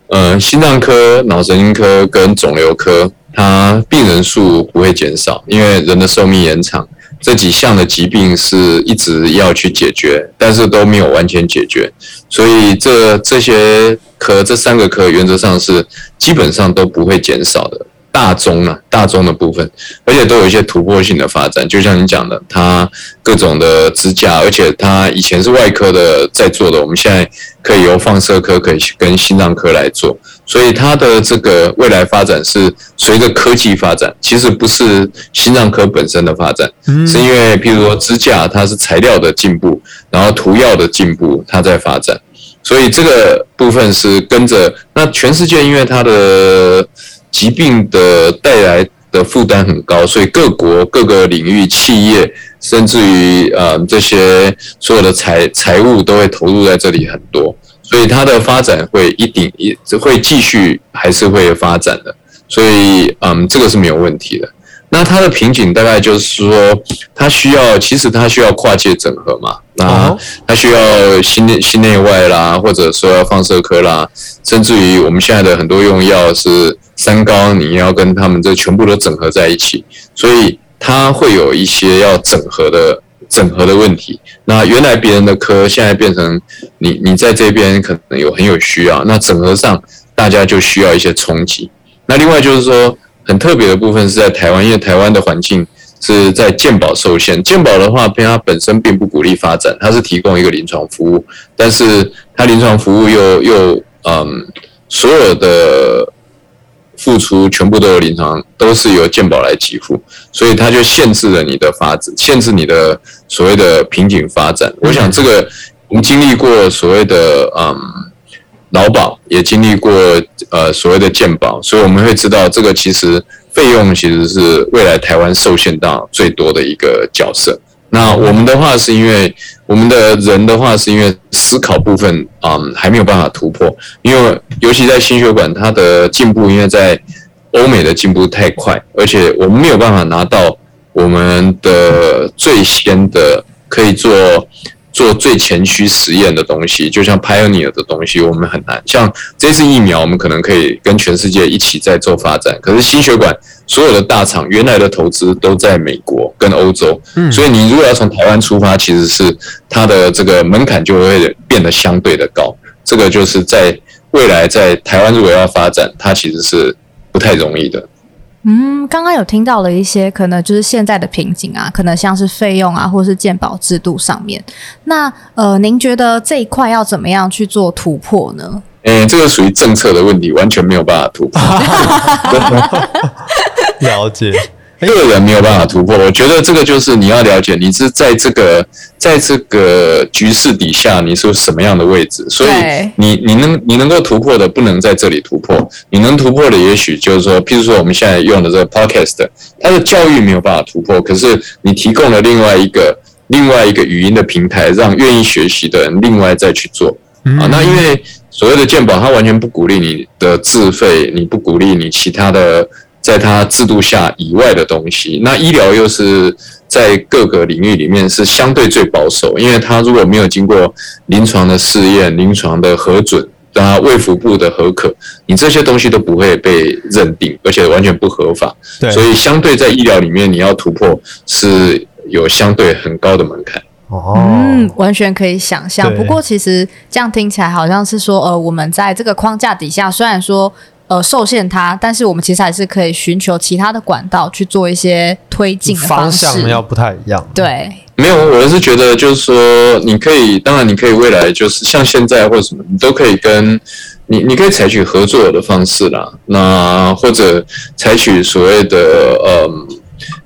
呃、嗯，心臟科、腦神經科跟腫瘤科，它病人數不會減少，因為人的壽命延長，這幾項的疾病是一直要去解決，但是都沒有完全解決，所以這這些科這三個科原則上是基本上都不會減少的。大宗呢，大宗的部分，而且都有一些突破性的發展。就像你講的，它各種的支架，而且它以前是外科的在做的，我們現在可以由放射科可以跟心臟科來做。所以它的這個未來發展是隨着科技發展，其實不是心臟科本身的發展，是因為譬如說支架，它是材料的進步，然後塗藥的進步，它在發展。所以這個部分是跟着那全世界，因為它的。疾病的帶來的負擔很高，所以各國各個領域企業，甚至於呃這些所有的財財務都會投入在這裡很多，所以它的發展會一定一直會繼續還是會發展的，所以嗯、呃、這個是沒有問題的。那它的瓶頸大概就是說，它需要其實它需要跨界整合嘛，那它需要心內心內外啦，或者說要放射科啦，甚至於我們現在的很多用藥是。三高，你要跟他們這全部都整合在一起，所以他會有一些要整合的整合的問題。那原來別人的科，現在變成你你，在這邊可能有很有需要，那整合上大家就需要一些衝擊。那另外就是說，很特別的部分是在台灣，因為台灣的環境是在健保受限，健保的話，它本身並不鼓勵發展，它是提供一個臨床服務，但是它臨床服務又又嗯所有的。付出全部都有臨床，都是由健保來給付，所以它就限制了你的發展，限制你的所謂的瓶頸發展。我想這個我們經歷過所謂的嗯勞保，也經歷過呃所謂的健保，所以我們會知道這個其實費用其實是未來台灣受限到最多的一個角色。那我們的話是因為我們的人的話是因為思考部分啊、嗯、還沒有辦法突破，因為尤其在心血管，它的進步因為在歐美的進步太快，而且我們沒有辦法拿到我們的最先的可以做。做最前驅實驗的東西，就像 Pioneer 的東西，我們很難。像這次疫苗，我們可能可以跟全世界一起在做發展。可是心血管所有的大廠，原來的投資都在美國跟歐洲，所以你如果要從台灣出發，其實是它的這個門檻就會變得相對的高。這個就是在未來，在台灣如果要發展，它其實是不太容易的。
嗯，剛剛有聽到了一些可能就是現在的瓶頸啊，可能像是費用啊，或是健保制度上面。那呃，您覺得這一塊要怎麼樣去做突破呢？嗯、
欸，這個屬於政策的問題，完全沒有辦法突破。 *laughs* 對 *laughs* 對 *laughs* 了解。個人沒有辦法突破，我覺得這個就是你要了解，你是在這個，在這個局勢底下，你是什麼樣的位置，所以你你能你能夠突破的，不能在這裡突破。你能突破的，也許就是說，譬如說我們現在用的這個 Podcast，它的教育沒有辦法突破，可是你提供了另外一個另外一個語音的平台，讓願意學習的人另外再去做啊。那因為所謂的健保，它完全不鼓勵你的自費，你不鼓勵你其他的。在他制度下以外的東西，那醫療又是在各個領域裡面是相對最保守，因為它如果沒有經過臨床的試驗、臨床的核准，啊，衛福部的核可，你這些東西都不會被認定，而且完全不合法。對，所以相對在醫療裡面，你要突破是有相對很高的門檻。哦，
嗯，完全可以想象。不過其實這樣聽起來好像是說，呃，我們在這個框架底下，雖然說。呃，受限它，但是我們其實還是可以尋求其他的管道去做一些推進的方式，
要不太一樣。對，沒有，我是覺得就是說，你可以，當然你可以未來就是像現在或什麼，你都可以跟你，你可以採取合作的方式啦，那或者採取所謂的呃，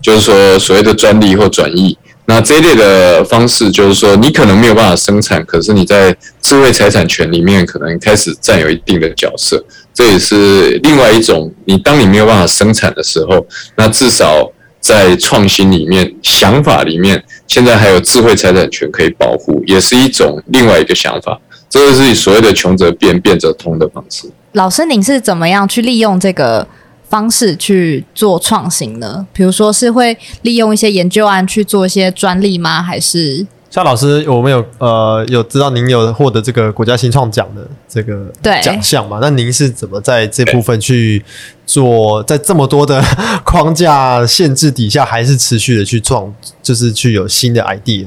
就是說所謂的專利或轉移，那這一類的方式，就是說你可能沒有辦法生產，可是你在智慧財產權裡面可能開始占有一定的角色。這也是另外一種，你當你沒有辦法生產的時候，那至少在創新裡面、想法裡面，現在還有智慧財產權,權可以保護，也是一種另外一個想法。這就是所謂的“窮則變，變則通”的方式。
老師，您是怎麼樣去利用這個方式去做創新呢？比如說是會利用一些研究案去做一些專利嗎？還是？
夏老師有沒有，我們有呃有知道您有獲得這個國家新創獎的這個獎項嗎？那您是怎麼在這部分去做，在這麼多的框架限制底下，還是持續的去創，就是去有新的 idea？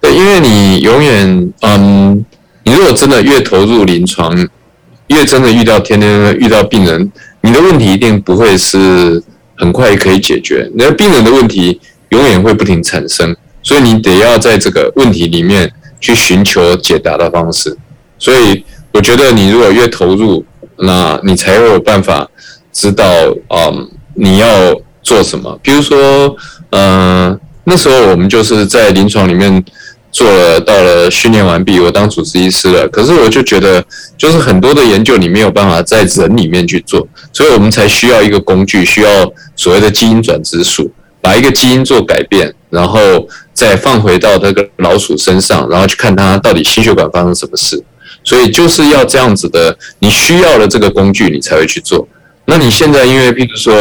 對，因為你永遠，嗯，你如果真的越投入臨床，越真的遇到天天遇到病人，你的問題一定不會是很快可以解決，那個病人的問題永遠會不停產生。所以你得要在這個問題裡面去尋求解答的方式。所以我覺得你如果越投入，那你才會有辦法知道啊你要做什麼。比如說，嗯，那時候我們就是在臨床裡面做了，到了訓練完畢，我當主治醫師了。可是我就覺得，就是很多的研究你沒有辦法在人裡面去做，所以我們才需要一個工具，需要所謂的基因轉殖鼠，把一個基因做改變，然後。再放回到那個老鼠身上，然後去看它到底心血管發生什麼事。所以就是要這樣子的，你需要的這個工具，你才會去做。那你現在因為，譬如說，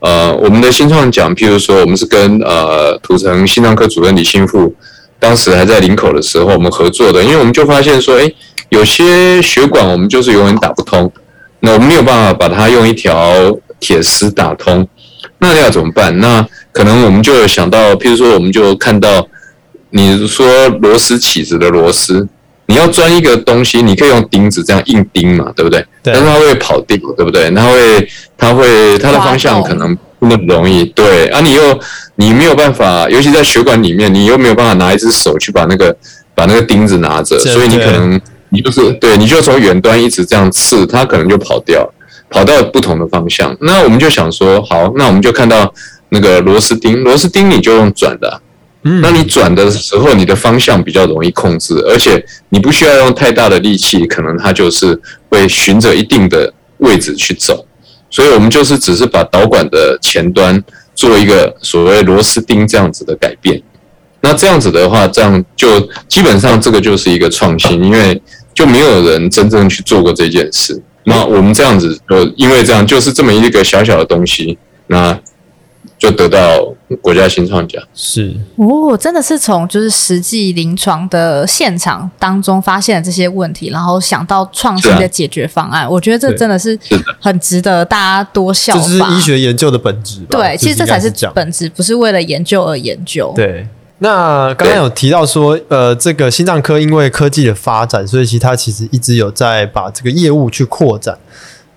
呃，我們的新創獎，譬如說，我們是跟呃，土城心臟科主任李新富，當時還在林口的時候，我們合作的，因為我們就發現說，誒、欸，有些血管我們就是永遠打不通，那我們沒有辦法把它用一條鐵絲打通，那要怎麼辦？那可能我們就有想到，譬如說，我們就看到，你說螺絲起子的螺絲，你要鑽一個東西，你可以用釘子這樣硬釘嘛，對不對？對。但是它會跑釘，對不對？它會，它會，它的方向可能不那麼容易。對。啊，你又你沒有辦法，尤其在血管裡面，你又沒有辦法拿一隻手去把那個把那個釘子拿着，所以你可能你就是對，你就從遠端一直這樣刺，它可能就跑掉，跑到不同的方向。那我們就想說，好，那我們就看到。那個螺絲釘，螺絲釘你就用轉的，啊，那你轉的時候，你的方向比較容易控制，而且你不需要用太大的力氣，可能它就是會循着一定的位置去走。所以我們就是只是把導管的前端做一個所謂螺絲釘這樣子的改變。那這樣子的話，這樣就基本上這個就是一個創新，因為就沒有人真正去做過這件事。那我們這樣子，呃，因為這樣就是這麼一個小小的東西，那。就得到國家新創獎是
哦，真的是從就是實際臨床的現場當中發現了這些問題，然後想到創新的解決方案啊。我覺得這真的是很值得大家多笑，這是醫學
研究的本質。對，就是，其實這才是本
質，不是為了研究而研究。對，
那剛剛有提到說，呃，這個心臟科因為科技的發展，所以其實它其實一直有在把這個業務去擴展。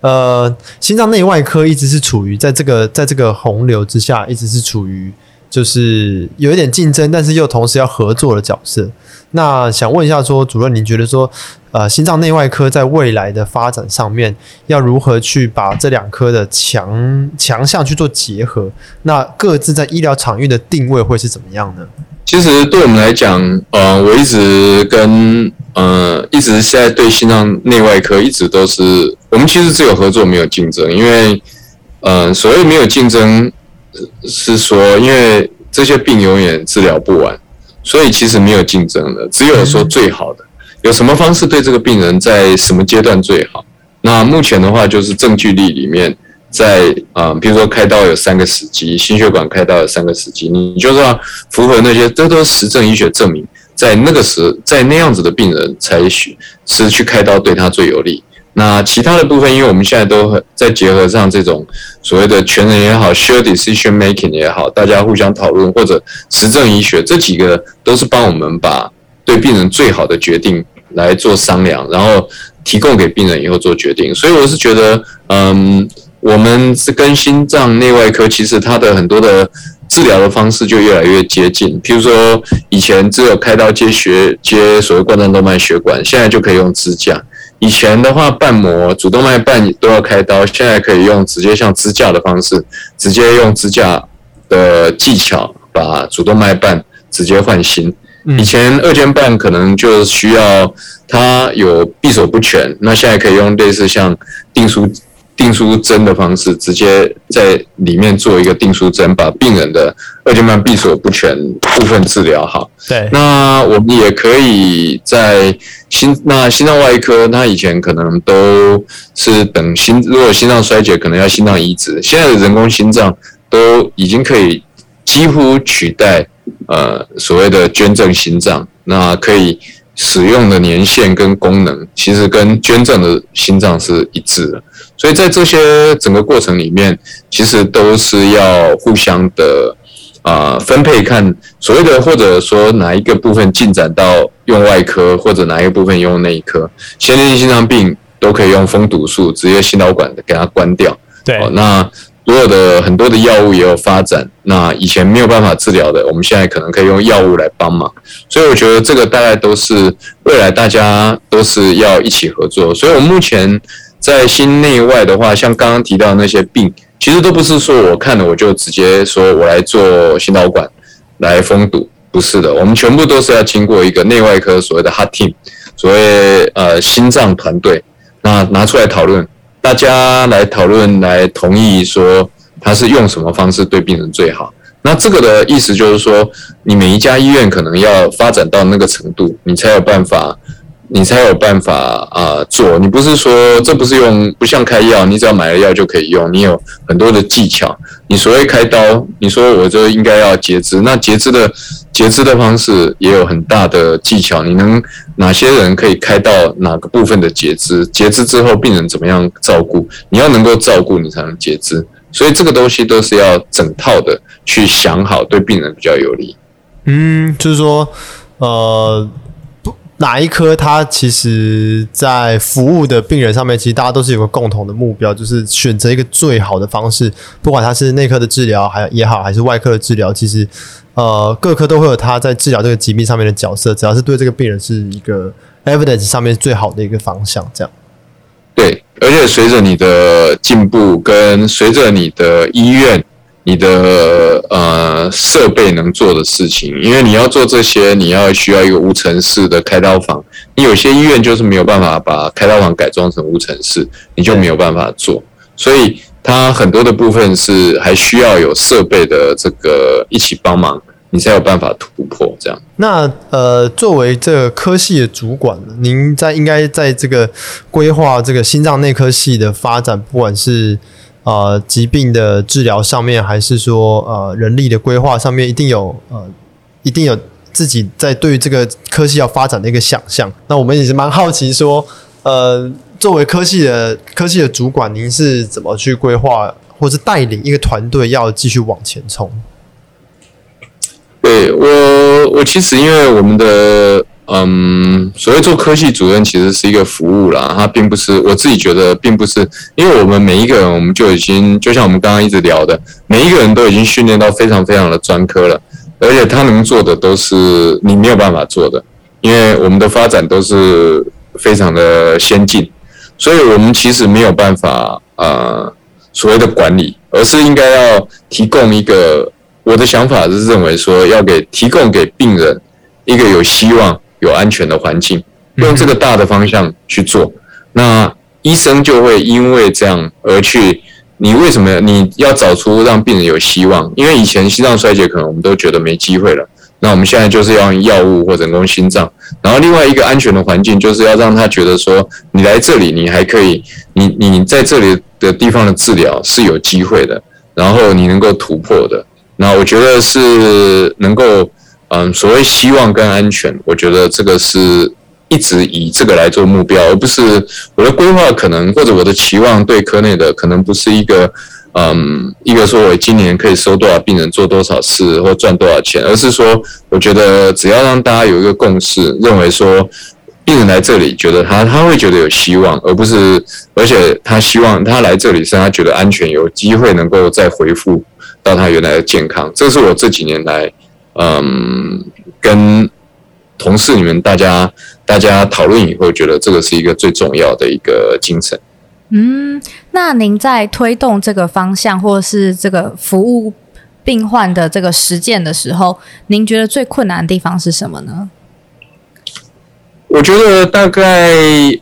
呃，心臟內外科一直是處於在這個在這個洪流之下，一直是處於就是有一點競爭，但是又同時要合作的角色。那想問一下說，主任，你覺得說，呃，心臟內外科在未來的發展上面，要如何去把這兩科的強強項去做結合？那各自在醫療場域的定位會是怎麼樣呢？
其實對我們來講，呃，我一直跟，呃，一直現在對心臟內外科一直都是，我們其實只有合作沒有競爭，因為，呃，所謂沒有競爭，是說因為這些病永遠治療不完。所以其實沒有競爭的，只有說最好的，有什麼方式對這個病人在什麼階段最好？那目前的話就是證據力裡面在，在、呃、啊，比如說，開刀有三個時機，心血管開刀有三個時機，你就是要符合那些，都都是實證醫學證明，在那個時，在那樣子的病人才需是去開刀對他最有利。那其他的部分，因為我們現在都在結合上這種所謂的全人也好，shared decision making 也好，大家互相討論或者實證醫學這幾個，都是幫我們把對病人最好的決定來做商量，然後提供給病人以後做決定。所以我是覺得，嗯，我們是跟心臟內外科其實它的很多的治療的方式就越來越接近。譬如說以前只有開刀接血接所謂冠狀動脈血管，現在就可以用支架。以前的話，瓣膜、主動脈瓣都要開刀，現在可以用直接像支架的方式，直接用支架的技巧把主動脈瓣直接換新。以前二尖瓣可能就需要它有閉鎖不全，那現在可以用類似像釘書釘書針的方式，直接在裡面做一個釘書針，把病人的二尖瓣閉鎖不全部分治療好。對，那我們也可以在心，那心臟外科，他以前可能都是等心，如果心臟衰竭，可能要心臟移植。現在的人工心臟都已經可以幾乎取代，呃，所謂的捐贈心臟，那可以使用的年限跟功能，其實跟捐贈的心臟是一致的。所以在這些整個過程裡面，其實都是要互相的，啊，分配看所謂的或者說哪一個部分進展到用外科，或者哪一個部分用內科。先天性心臟病都可以用封堵術，直接心導管給它關掉。對，哦，那所有的很多的藥物也有發展。那以前沒有辦法治療的，我們現在可能可以用藥物來幫忙。所以我覺得這個大概都是未來大家都是要一起合作。所以我目前。在心內外的話，像剛剛提到那些病，其實都不是說我看了我就直接說我來做心導管來封堵，不是的，我們全部都是要經過一個內外科所謂的 heart team，所謂呃心臟團隊，那拿出來討論，大家來討論來同意說他是用什麼方式對病人最好。那這個的意思就是說，你每一家醫院可能要發展到那個程度，你才有辦法。你才有辦法啊做，你不是說，這不是用不像開藥，你只要買了藥就可以用。你有很多的技巧，你所謂開刀，你說我就應該要截肢，那截肢的截肢的方式也有很大的技巧。你能哪些人可以開到哪個部分的截肢？截肢之後病人怎麼樣照顧？你要能夠照顧，你才能截肢。所以這個東西都是要整套的去想好，對病人比較有利。
嗯，就是說，呃。哪一科，他其實，在服務的病人上面，其實大家都是有個共同的目標，就是選擇一個最好的方式，不管他是內科的治療還也好，還是外科的治療，其實，呃，各科都會有他在治療這個疾病上面的角色，只要是對這個病人是一個 evidence 上面最好的一個方向，這樣。
對，而且隨着你的進步，跟隨着你的醫院。你的呃設備能做的事情，因為你要做這些，你要需要一個無塵室的開刀房。你有些醫院就是沒有辦法把開刀房改裝成無塵室，你就沒有辦法做。所以它很多的部分是還需要有設備的這個一起幫忙，你才有辦法突破這樣。
那呃，作為這個科系的主管，您在應該在這個規劃這個心臟內科系的發展，不管是。呃，疾病的治療上面，還是說呃，人力的規劃上面，一定有呃，一定有自己在對這個科系要發展的一個想象那我們也是蠻好奇說，說呃，作為科系的科系的主管，您是怎麼去規劃，或是帶領一個團隊要繼續往前衝？
對我，我其實因為我們的。嗯，所謂做科系主任，其實是一個服務啦，他並不是我自己覺得，並不是因為我們每一個人，我們就已經就像我們剛剛一直聊的，每一個人都已經訓練到非常非常的專科了，而且他能做的都是你沒有辦法做的，因為我們的發展都是非常的先進，所以我們其實沒有辦法呃所謂的管理，而是應該要提供一個我的想法，是認為說要給提供給病人一個有希望，有安全的環境，用這個大的方向去做。嗯，那醫生就會因為這樣而去。你為什麼你要找出讓病人有希望？因為以前心臟衰竭可能我們都覺得沒機會了，那我們現在就是要用藥物或人工心臟。然後另外一個安全的環境，就是要讓他覺得說，你來這裡，你還可以，你你在這裡的地方的治療是有機會的，然後你能夠突破的。那我覺得是能夠。嗯，所謂希望跟安全，我覺得這個是一直以這個來做目標，而不是我的規劃可能或者我的期望對科內的可能不是一個，嗯，一個說我今年可以收多少病人，做多少事，或賺多少錢，而是說，我覺得只要讓大家有一個共識，認為說，病人來這裡，覺得他他會覺得有希望，而不是，而且他希望他來這裡是他覺得安全，有機會能夠再恢復到他原來的健康，這是我這幾年來。嗯，跟同事你們大家大家討論以後，覺得這個是一個最重要的一個精神。嗯，
那您在推動這個方向，或是這個服務病患的這個實踐的時候，您覺得最困難的地方是什麼呢？
我覺得大概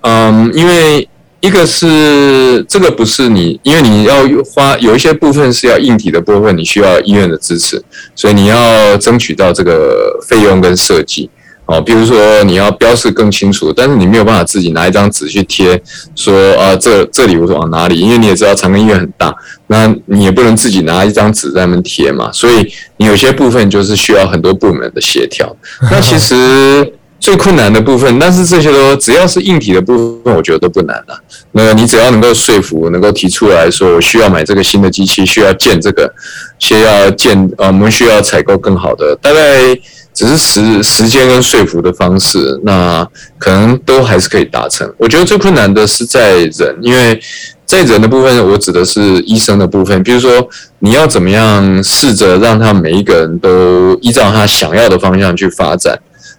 嗯，因為。一個是這個不是你，因為你要花有一些部分是要硬體的部分，你需要醫院的支持，所以你要爭取到這個費用跟設計哦，比如說你要標示更清楚，但是你沒有辦法自己拿一張紙去貼，說啊這這裡我說往哪裡，因為你也知道長庚醫院很大，那你也不能自己拿一張紙在那貼嘛，所以你有些部分就是需要很多部門的協調。那其實。最困難的部分，但是這些都只要是硬體的部分，我覺得都不難啦。那你只要能夠說服，能夠提出來說，我需要買這個新的機器，需要建這個，需要建，呃，我們需要採購更好的，大概只是時時間跟說服的方式，那可能都還是可以達成。我覺得最困難的是在人，因為在人的部分，我指的是醫生的部分，比如說你要怎麼樣試着讓他每一個人都依照他想要的方向去發展。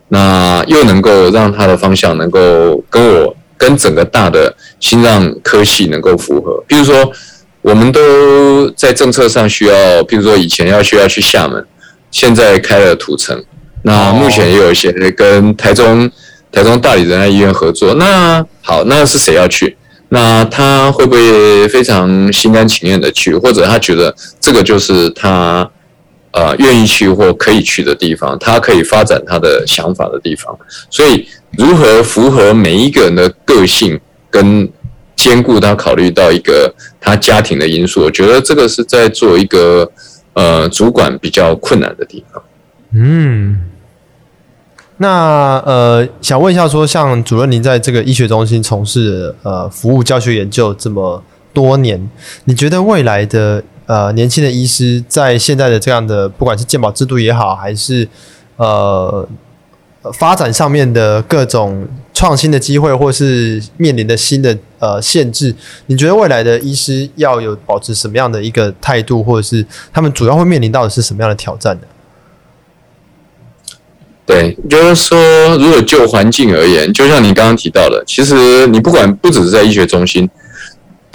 那又能夠讓他的方向能夠跟我跟整個大的心臟科系能夠符合，比如說我們都在政策上需要，比如說以前要需要去廈門，現在開了土城，那目前也有一些人跟台中台中、大理仁愛醫院合作。那好，那是誰要去？那他會不會非常心甘情願的去？或者他覺得這個就是他？呃，願意去或可以去的地方，他可以發展他的想法的地方。所以，如何符合每一個人的個性，跟兼顧他考慮到一個他家庭的因素，我覺得這個是在做一個呃主管比較困難的地方。嗯，
那呃，想問一下說，說像主任您在這個醫學中心從事呃服務教學研究這麼多年，你覺得未來的。呃，年輕的醫師在現在的這樣的，不管是健保制度也好，還是呃發展上面的各種創新的機會，或是面臨的新的呃限制，你覺得未來的醫師要有保持什麼樣的一個態度，或者是他們主要會面臨到的是什麼樣的挑戰呢？
對，就是說，如果就環境而言，就像你剛剛提到的，其實你不管不只是在醫學中心。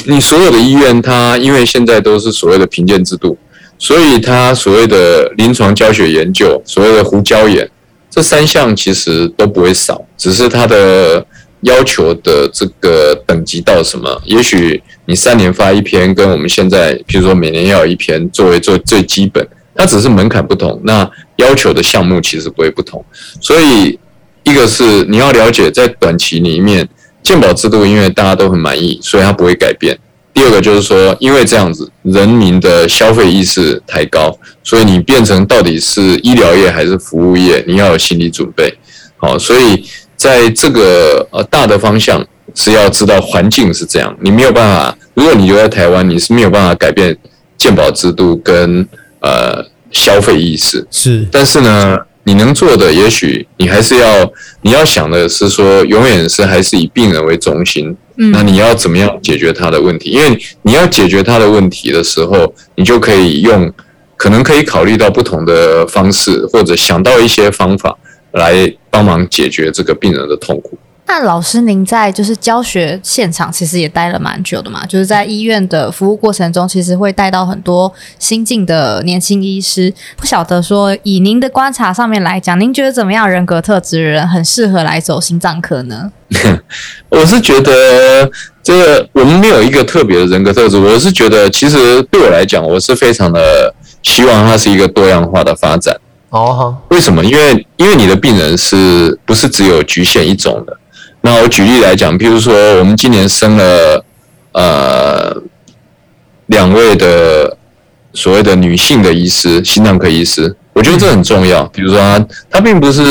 你所有的醫院，它因為現在都是所謂的評鑑制度，所以它所謂的臨床教學研究、所謂的胡椒鹽，這三項其實都不會少，只是它的要求的這個等級到什麼，也許你三年發一篇，跟我們現在譬如說每年要一篇作為做最基本，它只是門檻不同，那要求的項目其實不會不同。所以，一個是你要了解在短期裡面。健保制度因為大家都很滿意，所以它不會改變。第二個就是說，因為這樣子人民的消費意識太高，所以你變成到底是醫療業還是服務業，你要有心理準備。好，所以在這個呃大的方向是要知道環境是這樣，你沒有辦法。如果你留在台灣，你是沒有辦法改變健保制度跟呃消費意識。是，但是呢。你能做的，也許你還是要，你要想的是說，永遠是還是以病人為中心。嗯。那你要怎麼樣解決他的問題？因為你要解決他的問題的時候，你就可以用，可能可以考慮到不同的方式，或者想到一些方法來幫忙解決這個病人的痛苦。
那老師，您在就是教學現場，其實也待了蠻久的嘛。就是在醫院的服務過程中，其實會帶到很多新進的年輕醫師。不曉得說，以您的觀察上面來講，您覺得怎麼樣人格特質的人很適合來走心臟科呢？
我是覺得，這個我們沒有一個特別的人格特質。我是覺得，其實對我來講，我是非常的希望它是一個多樣化的發展。哦，好，為什麼？因為因為你的病人是不是只有局限一種的？那我舉例來講，比如說我們今年生了，呃，兩位的所謂的女性的醫師，心臟科醫師，我覺得這很重要。比如說他，他並不是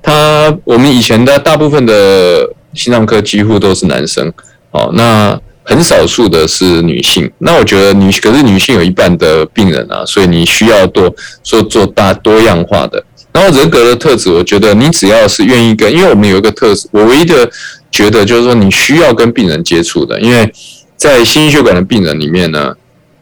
他，我們以前的大部分的心臟科幾乎都是男生，哦，那很少數的是女性。那我覺得女，可是女性有一半的病人啊，所以你需要多，做做大多樣化的。然後人格的特質，我覺得你只要是願意跟，因為我們有一個特質，我唯一的覺得就是說你需要跟病人接觸的，因為在心血管的病人裡面呢，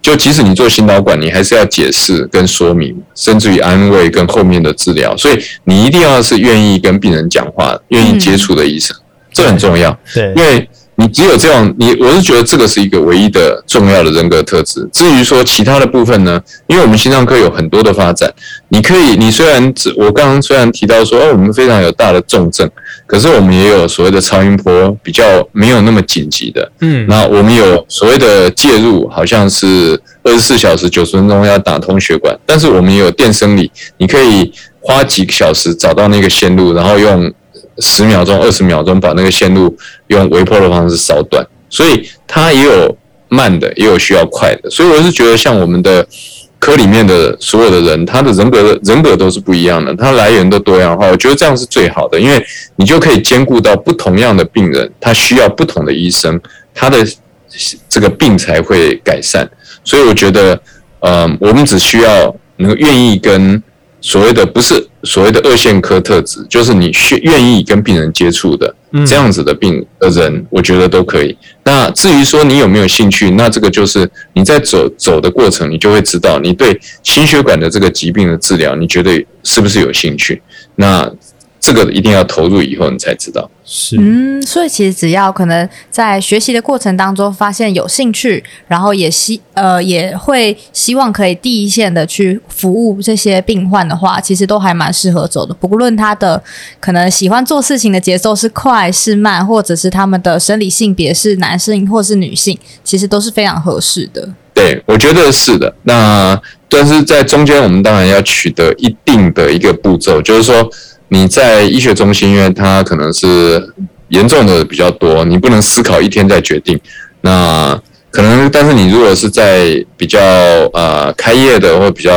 就即使你做心導管，你還是要解釋跟說明，甚至於安慰跟後面的治療，所以你一定要是願意跟病人講話、願意接觸的醫生，這很重要。對，因為。你只有這樣，你我是覺得這個是一個唯一的重要的人格特質。至於說其他的部分呢，因為我們心臟科有很多的發展，你可以，你雖然我剛剛雖然提到說，哦，我們非常有大的重症，可是我們也有所謂的超音波比較沒有那麼緊急的，嗯，那我們有所謂的介入，好像是二十四小時九十分鐘要打通血管，但是我們也有電生理，你可以花幾個小時找到那個線路，然後用。十秒鐘、二十秒鐘把那個線路用微波的方式燒斷，所以它也有慢的，也有需要快的。所以我是覺得，像我們的科裡面的所有的人，他的人格的人格都是不一樣的，他來源都多樣化。我覺得這樣是最好的，因為你就可以兼顧到不同樣的病人，他需要不同的醫生，他的這個病才會改善。所以我覺得，嗯，我們只需要能夠願意跟。所謂的，不是所謂的二線科特質，就是你願願意跟病人接觸的這樣子的病的人，我覺得都可以。嗯。那至於說你有沒有興趣，那這個就是你在走走的過程，你就會知道你對心血管的這個疾病的治療，你覺得是不是有興趣？那。這個一定要投入以後，你才知道。是，
嗯，所以其實只要可能在學習的過程當中發現有興趣，然後也希呃也會希望可以第一線的去服務這些病患的話，其實都還蠻適合走的。不論他的可能喜歡做事情的節奏是快是慢，或者是他們的生理性別是男性或是女性，其實都是非常合適的。
對，我覺得是的。那但是在中間，我們當然要取得一定的一個步驟，就是說。你在醫學中心，因為他可能是嚴重的比較多，你不能思考一天再決定。那可能，但是你如果是在比較呃開業的或比較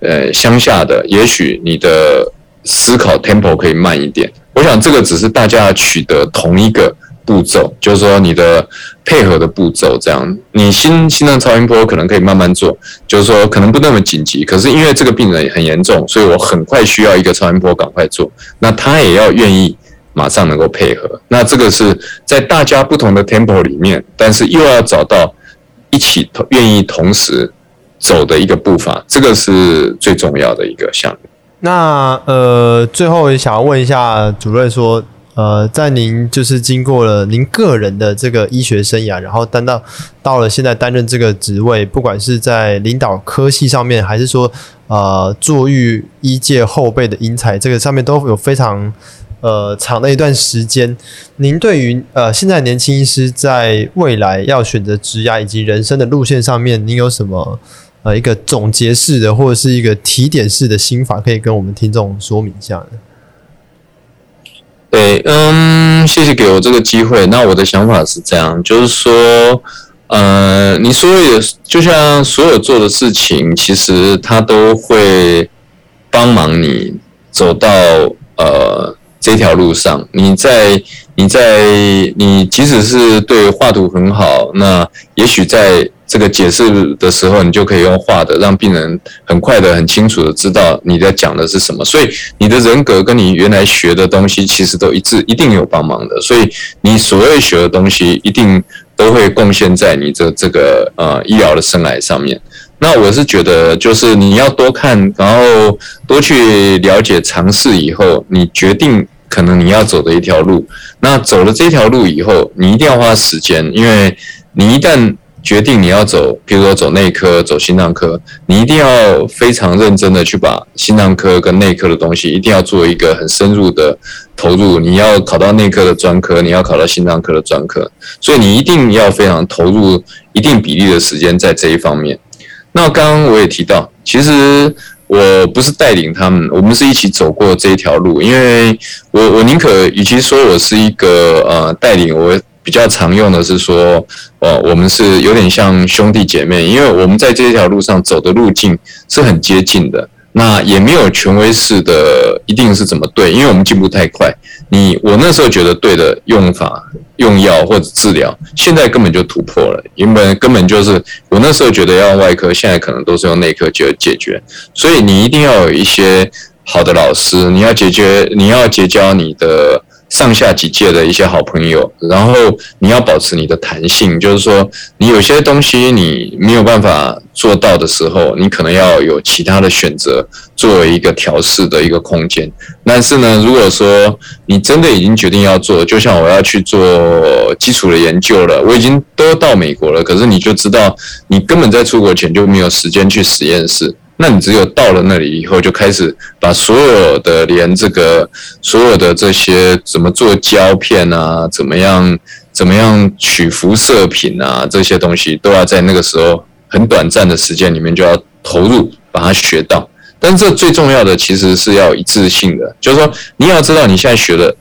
呃鄉下的，也許你的思考 tempo 可以慢一點。我想這個只是大家取得同一個。步驟就是說你的配合的步驟這樣，你心心臟超音波可能可以慢慢做，就是說可能不那麼緊急。可是因為這個病人很嚴重，所以我很快需要一個超音波趕快做。那他也要願意馬上能夠配合。那這個是在大家不同的 tempo 裡面，但是又要找到一起願意同時走的一個步伐，這個是最重要的一個項目。
那呃，最後我想要問一下主任說。呃，在您就是經過了您個人的這個醫學生涯，然後擔當到，到了現在擔任這個職位，不管是在領導科系上面，還是說呃，作育醫界後輩的英才，這個上面都有非常呃長的一段時間。您對於呃現在年輕醫師在未來要選擇職涯以及人生的路線上面，您有什麼呃一個總結式的或者是一個提點式的心法，可以跟我們聽眾說明一下呢？
對，嗯，謝謝給我這個機會。那我的想法是這樣，就是說，呃，你所有就像所有做的事情，其實它都會幫忙你走到呃這條路上。你在。你在你即使是對畫圖很好，那也許在這個解釋的時候，你就可以用畫的，讓病人很快的、很清楚的知道你在講的是什麼。所以你的人格跟你原來學的東西，其實都一致，一定有幫忙的。所以你所有學的東西，一定都會貢獻在你的這個呃醫療的生涯上面。那我是覺得，就是你要多看，然後多去了解、嘗試以後，你決定。可能你要走的一條路，那走了這條路以後，你一定要花時間，因為你一旦決定你要走，譬如說走內科、走心臟科，你一定要非常認真的去把心臟科跟內科的東西一定要做一個很深入的投入。你要考到內科的專科，你要考到心臟科的專科，所以你一定要非常投入一定比例的時間在這一方面。那剛剛我也提到，其實。我不是帶領他們，我們是一起走過這一條路。因為我我寧可，與其說我是一個呃帶領，我比較常用的是說，呃，我們是有點像兄弟姐妹，因為我們在這一條路上走的路徑是很接近的。那也沒有權威式的，一定是怎麼對？因為我們進步太快。你我那時候覺得對的用法、用藥或者治療，現在根本就突破了。因為根本就是我那時候覺得要外科，現在可能都是用內科解解決。所以你一定要有一些好的老師，你要解決，你要結交你的上下幾屆的一些好朋友，然後你要保持你的彈性，就是說你有些東西你沒有辦法。做到的時候，你可能要有其他的選擇作為一個調試的一個空間。但是呢，如果說你真的已經決定要做，就像我要去做基礎的研究了，我已經都到美國了。可是你就知道，你根本在出國前就沒有時間去實驗室。那你只有到了那裡以後，就開始把所有的連這個所有的這些怎麼做膠片啊、怎麼樣怎麼樣取輻射品啊，這些東西都要在那個時候。很短暫的時間裡面就要投入把它學到，但這最重要的其實是要一致性的，就是說你要知道你現在學的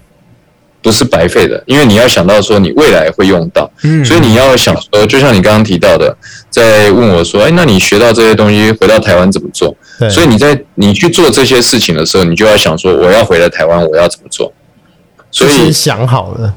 不是白費的，因為你要想到說你未來會用到，所以你要想說，就像你剛剛提到的，在問我說，哎，那你學到這些東西回到台灣怎麼做？所以你在你去做這些事情的時候，你就要想說，我要回來台灣，我要怎麼做？
所以想好了。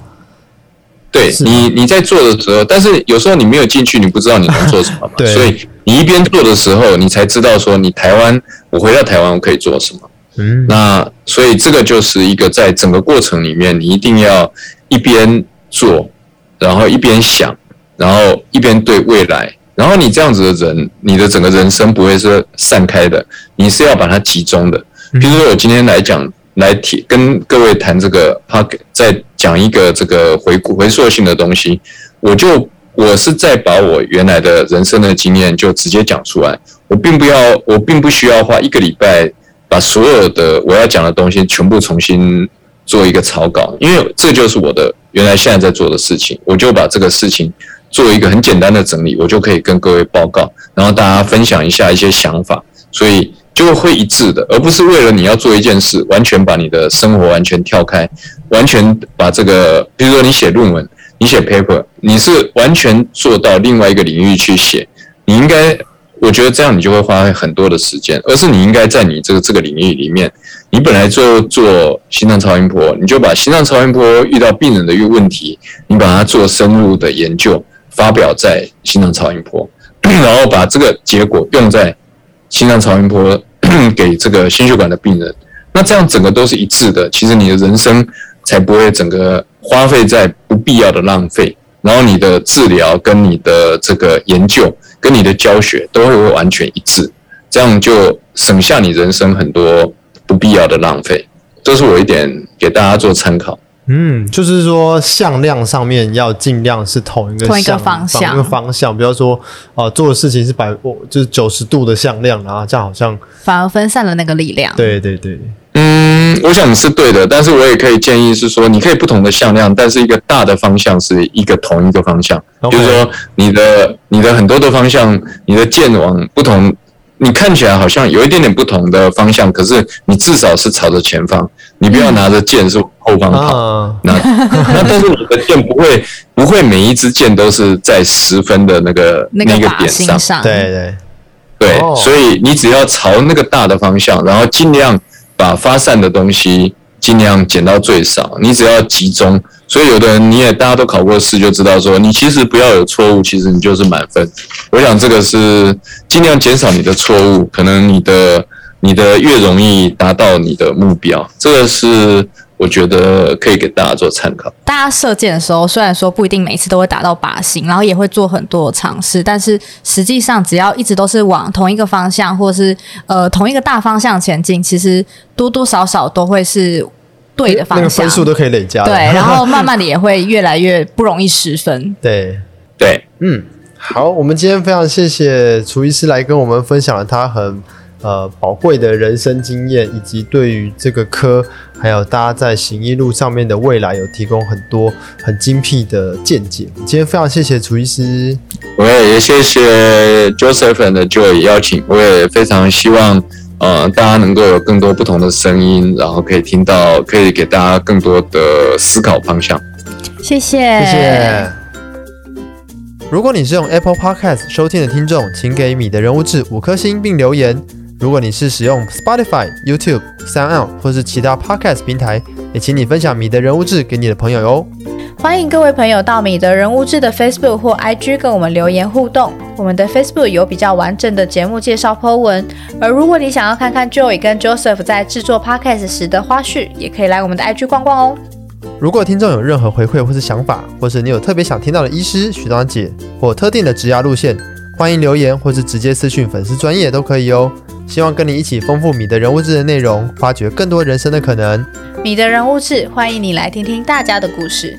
對你，你在做的時候，但是有時候你沒有進去，你不知道你能做什麼嘛。所以你一邊做的時候，你才知道說，你台灣，我回到台灣，我可以做什麼。嗯，那所以這個就是一個在整個過程裡面，你一定要一邊做，然後一邊想，然後一邊對未來，然後你這樣子的人，你的整個人生不會是散開的，你是要把它集中的。譬如說我今天來講。來提，跟各位談這個，他再講一個這個回顧回溯性的東西，我就我是在把我原來的人生的經驗就直接講出來，我並不要我並不需要花一個禮拜把所有的我要講的東西全部重新做一個草稿，因為這就是我的原來現在在做的事情，我就把這個事情做一個很簡單的整理，我就可以跟各位報告，然後大家分享一下一些想法，所以。就會一致的，而不是為了你要做一件事，完全把你的生活完全跳開，完全把這個，比如說你寫論文，你寫 paper，你是完全做到另外一個領域去寫。你應該，我覺得這樣你就會花很多的時間，而是你應該在你這個這個領域裡面，你本來就做做心臟超音波，你就把心臟超音波遇到病人的一個問題，你把它做深入的研究，發表在心臟超音波，然後把這個結果用在。心臟超音波給這個心血管的病人，那這樣整個都是一致的。其實你的人生才不會整個花費在不必要的浪費，然後你的治療跟你的這個研究跟你的教學都會完全一致，這樣就省下你人生很多不必要的浪費。這是我一點給大家做參考。
嗯，就是說，向量上面要盡量是同一個方向，同一個方向。方向比如說啊、呃，做的事情是百，就是九十度的向量，然後這樣好像
反而分散了那個力量。
對對對，
嗯，我想你是對的，但是我也可以建議是說，你可以不同的向量，但是一個大的方向是一個同一個方向。就、okay. 是說，你的你的很多的方向，你的劍往不同，你看起來好像有一點點不同的方向，可是你至少是朝着前方，你不要拿着劍是、嗯。後方考、啊、那，但是我的箭不會不會每一支箭都是在十分的那個那個點上，對對對，對，所以你只要朝那個大的方向，然後盡量把發散的東西盡量減到最少，你只要集中。所以有的人你也大家都考過試就知道，說你其實不要有錯誤，其實你就是滿分。我想這個是盡量減少你的錯誤，可能你的你的越容易達到你的目標。這個是。我覺得可以給大家做參考。
大家射箭的時候，雖然說不一定每次都會打到靶心，然後也會做很多的嘗試，但是實際上只要一直都是往同一個方向，或是呃同一個大方向前進，其實多多少少都會是對的方向。嗯，那個分數都可以累加。對， *laughs* 然後慢慢的也會越來越不容易失分。
對對，嗯，好，我們今天非常謝謝褚醫師來跟我們分享了他很。呃，寶貴的人生經驗，以及對於這個科，還有大家在行醫路上面的未來，有提供很多很精闢的見解。今天非常謝謝褚醫師，
我也謝謝 Joseph 的 Joy 邀請，我也非常希望，呃，大家能夠有更多不同的聲音，然後可以聽到，可以給大家更多的思考方向。
謝謝，謝
謝。如果你是用 Apple Podcast 收聽的聽眾，請給米的人物誌五顆星，並留言。如果你是使用 Spotify、YouTube、SoundOn 或是其他 Podcast 平台，也請你分享米德人物志給你的朋友哦。
歡迎各位朋友到米德人物志的 Facebook 或 IG 跟我們留言互動。我們的 Facebook 有比較完整的節目介紹 PO 文，而如果你想要看看 Joey 跟 Joseph 在制作 Podcast 時的花絮，也可以來我們的 IG 逛逛哦。
如果聽眾有任何回饋或是想法，或是你有特別想聽到的醫師、學長姐或特定的職涯路線，歡迎留言或是直接私訊粉絲專業都可以哦。希望跟你一起豐富米的人物志的內容，發掘更多人生的可能。
米的人物志，歡迎你來聽聽大家的故事。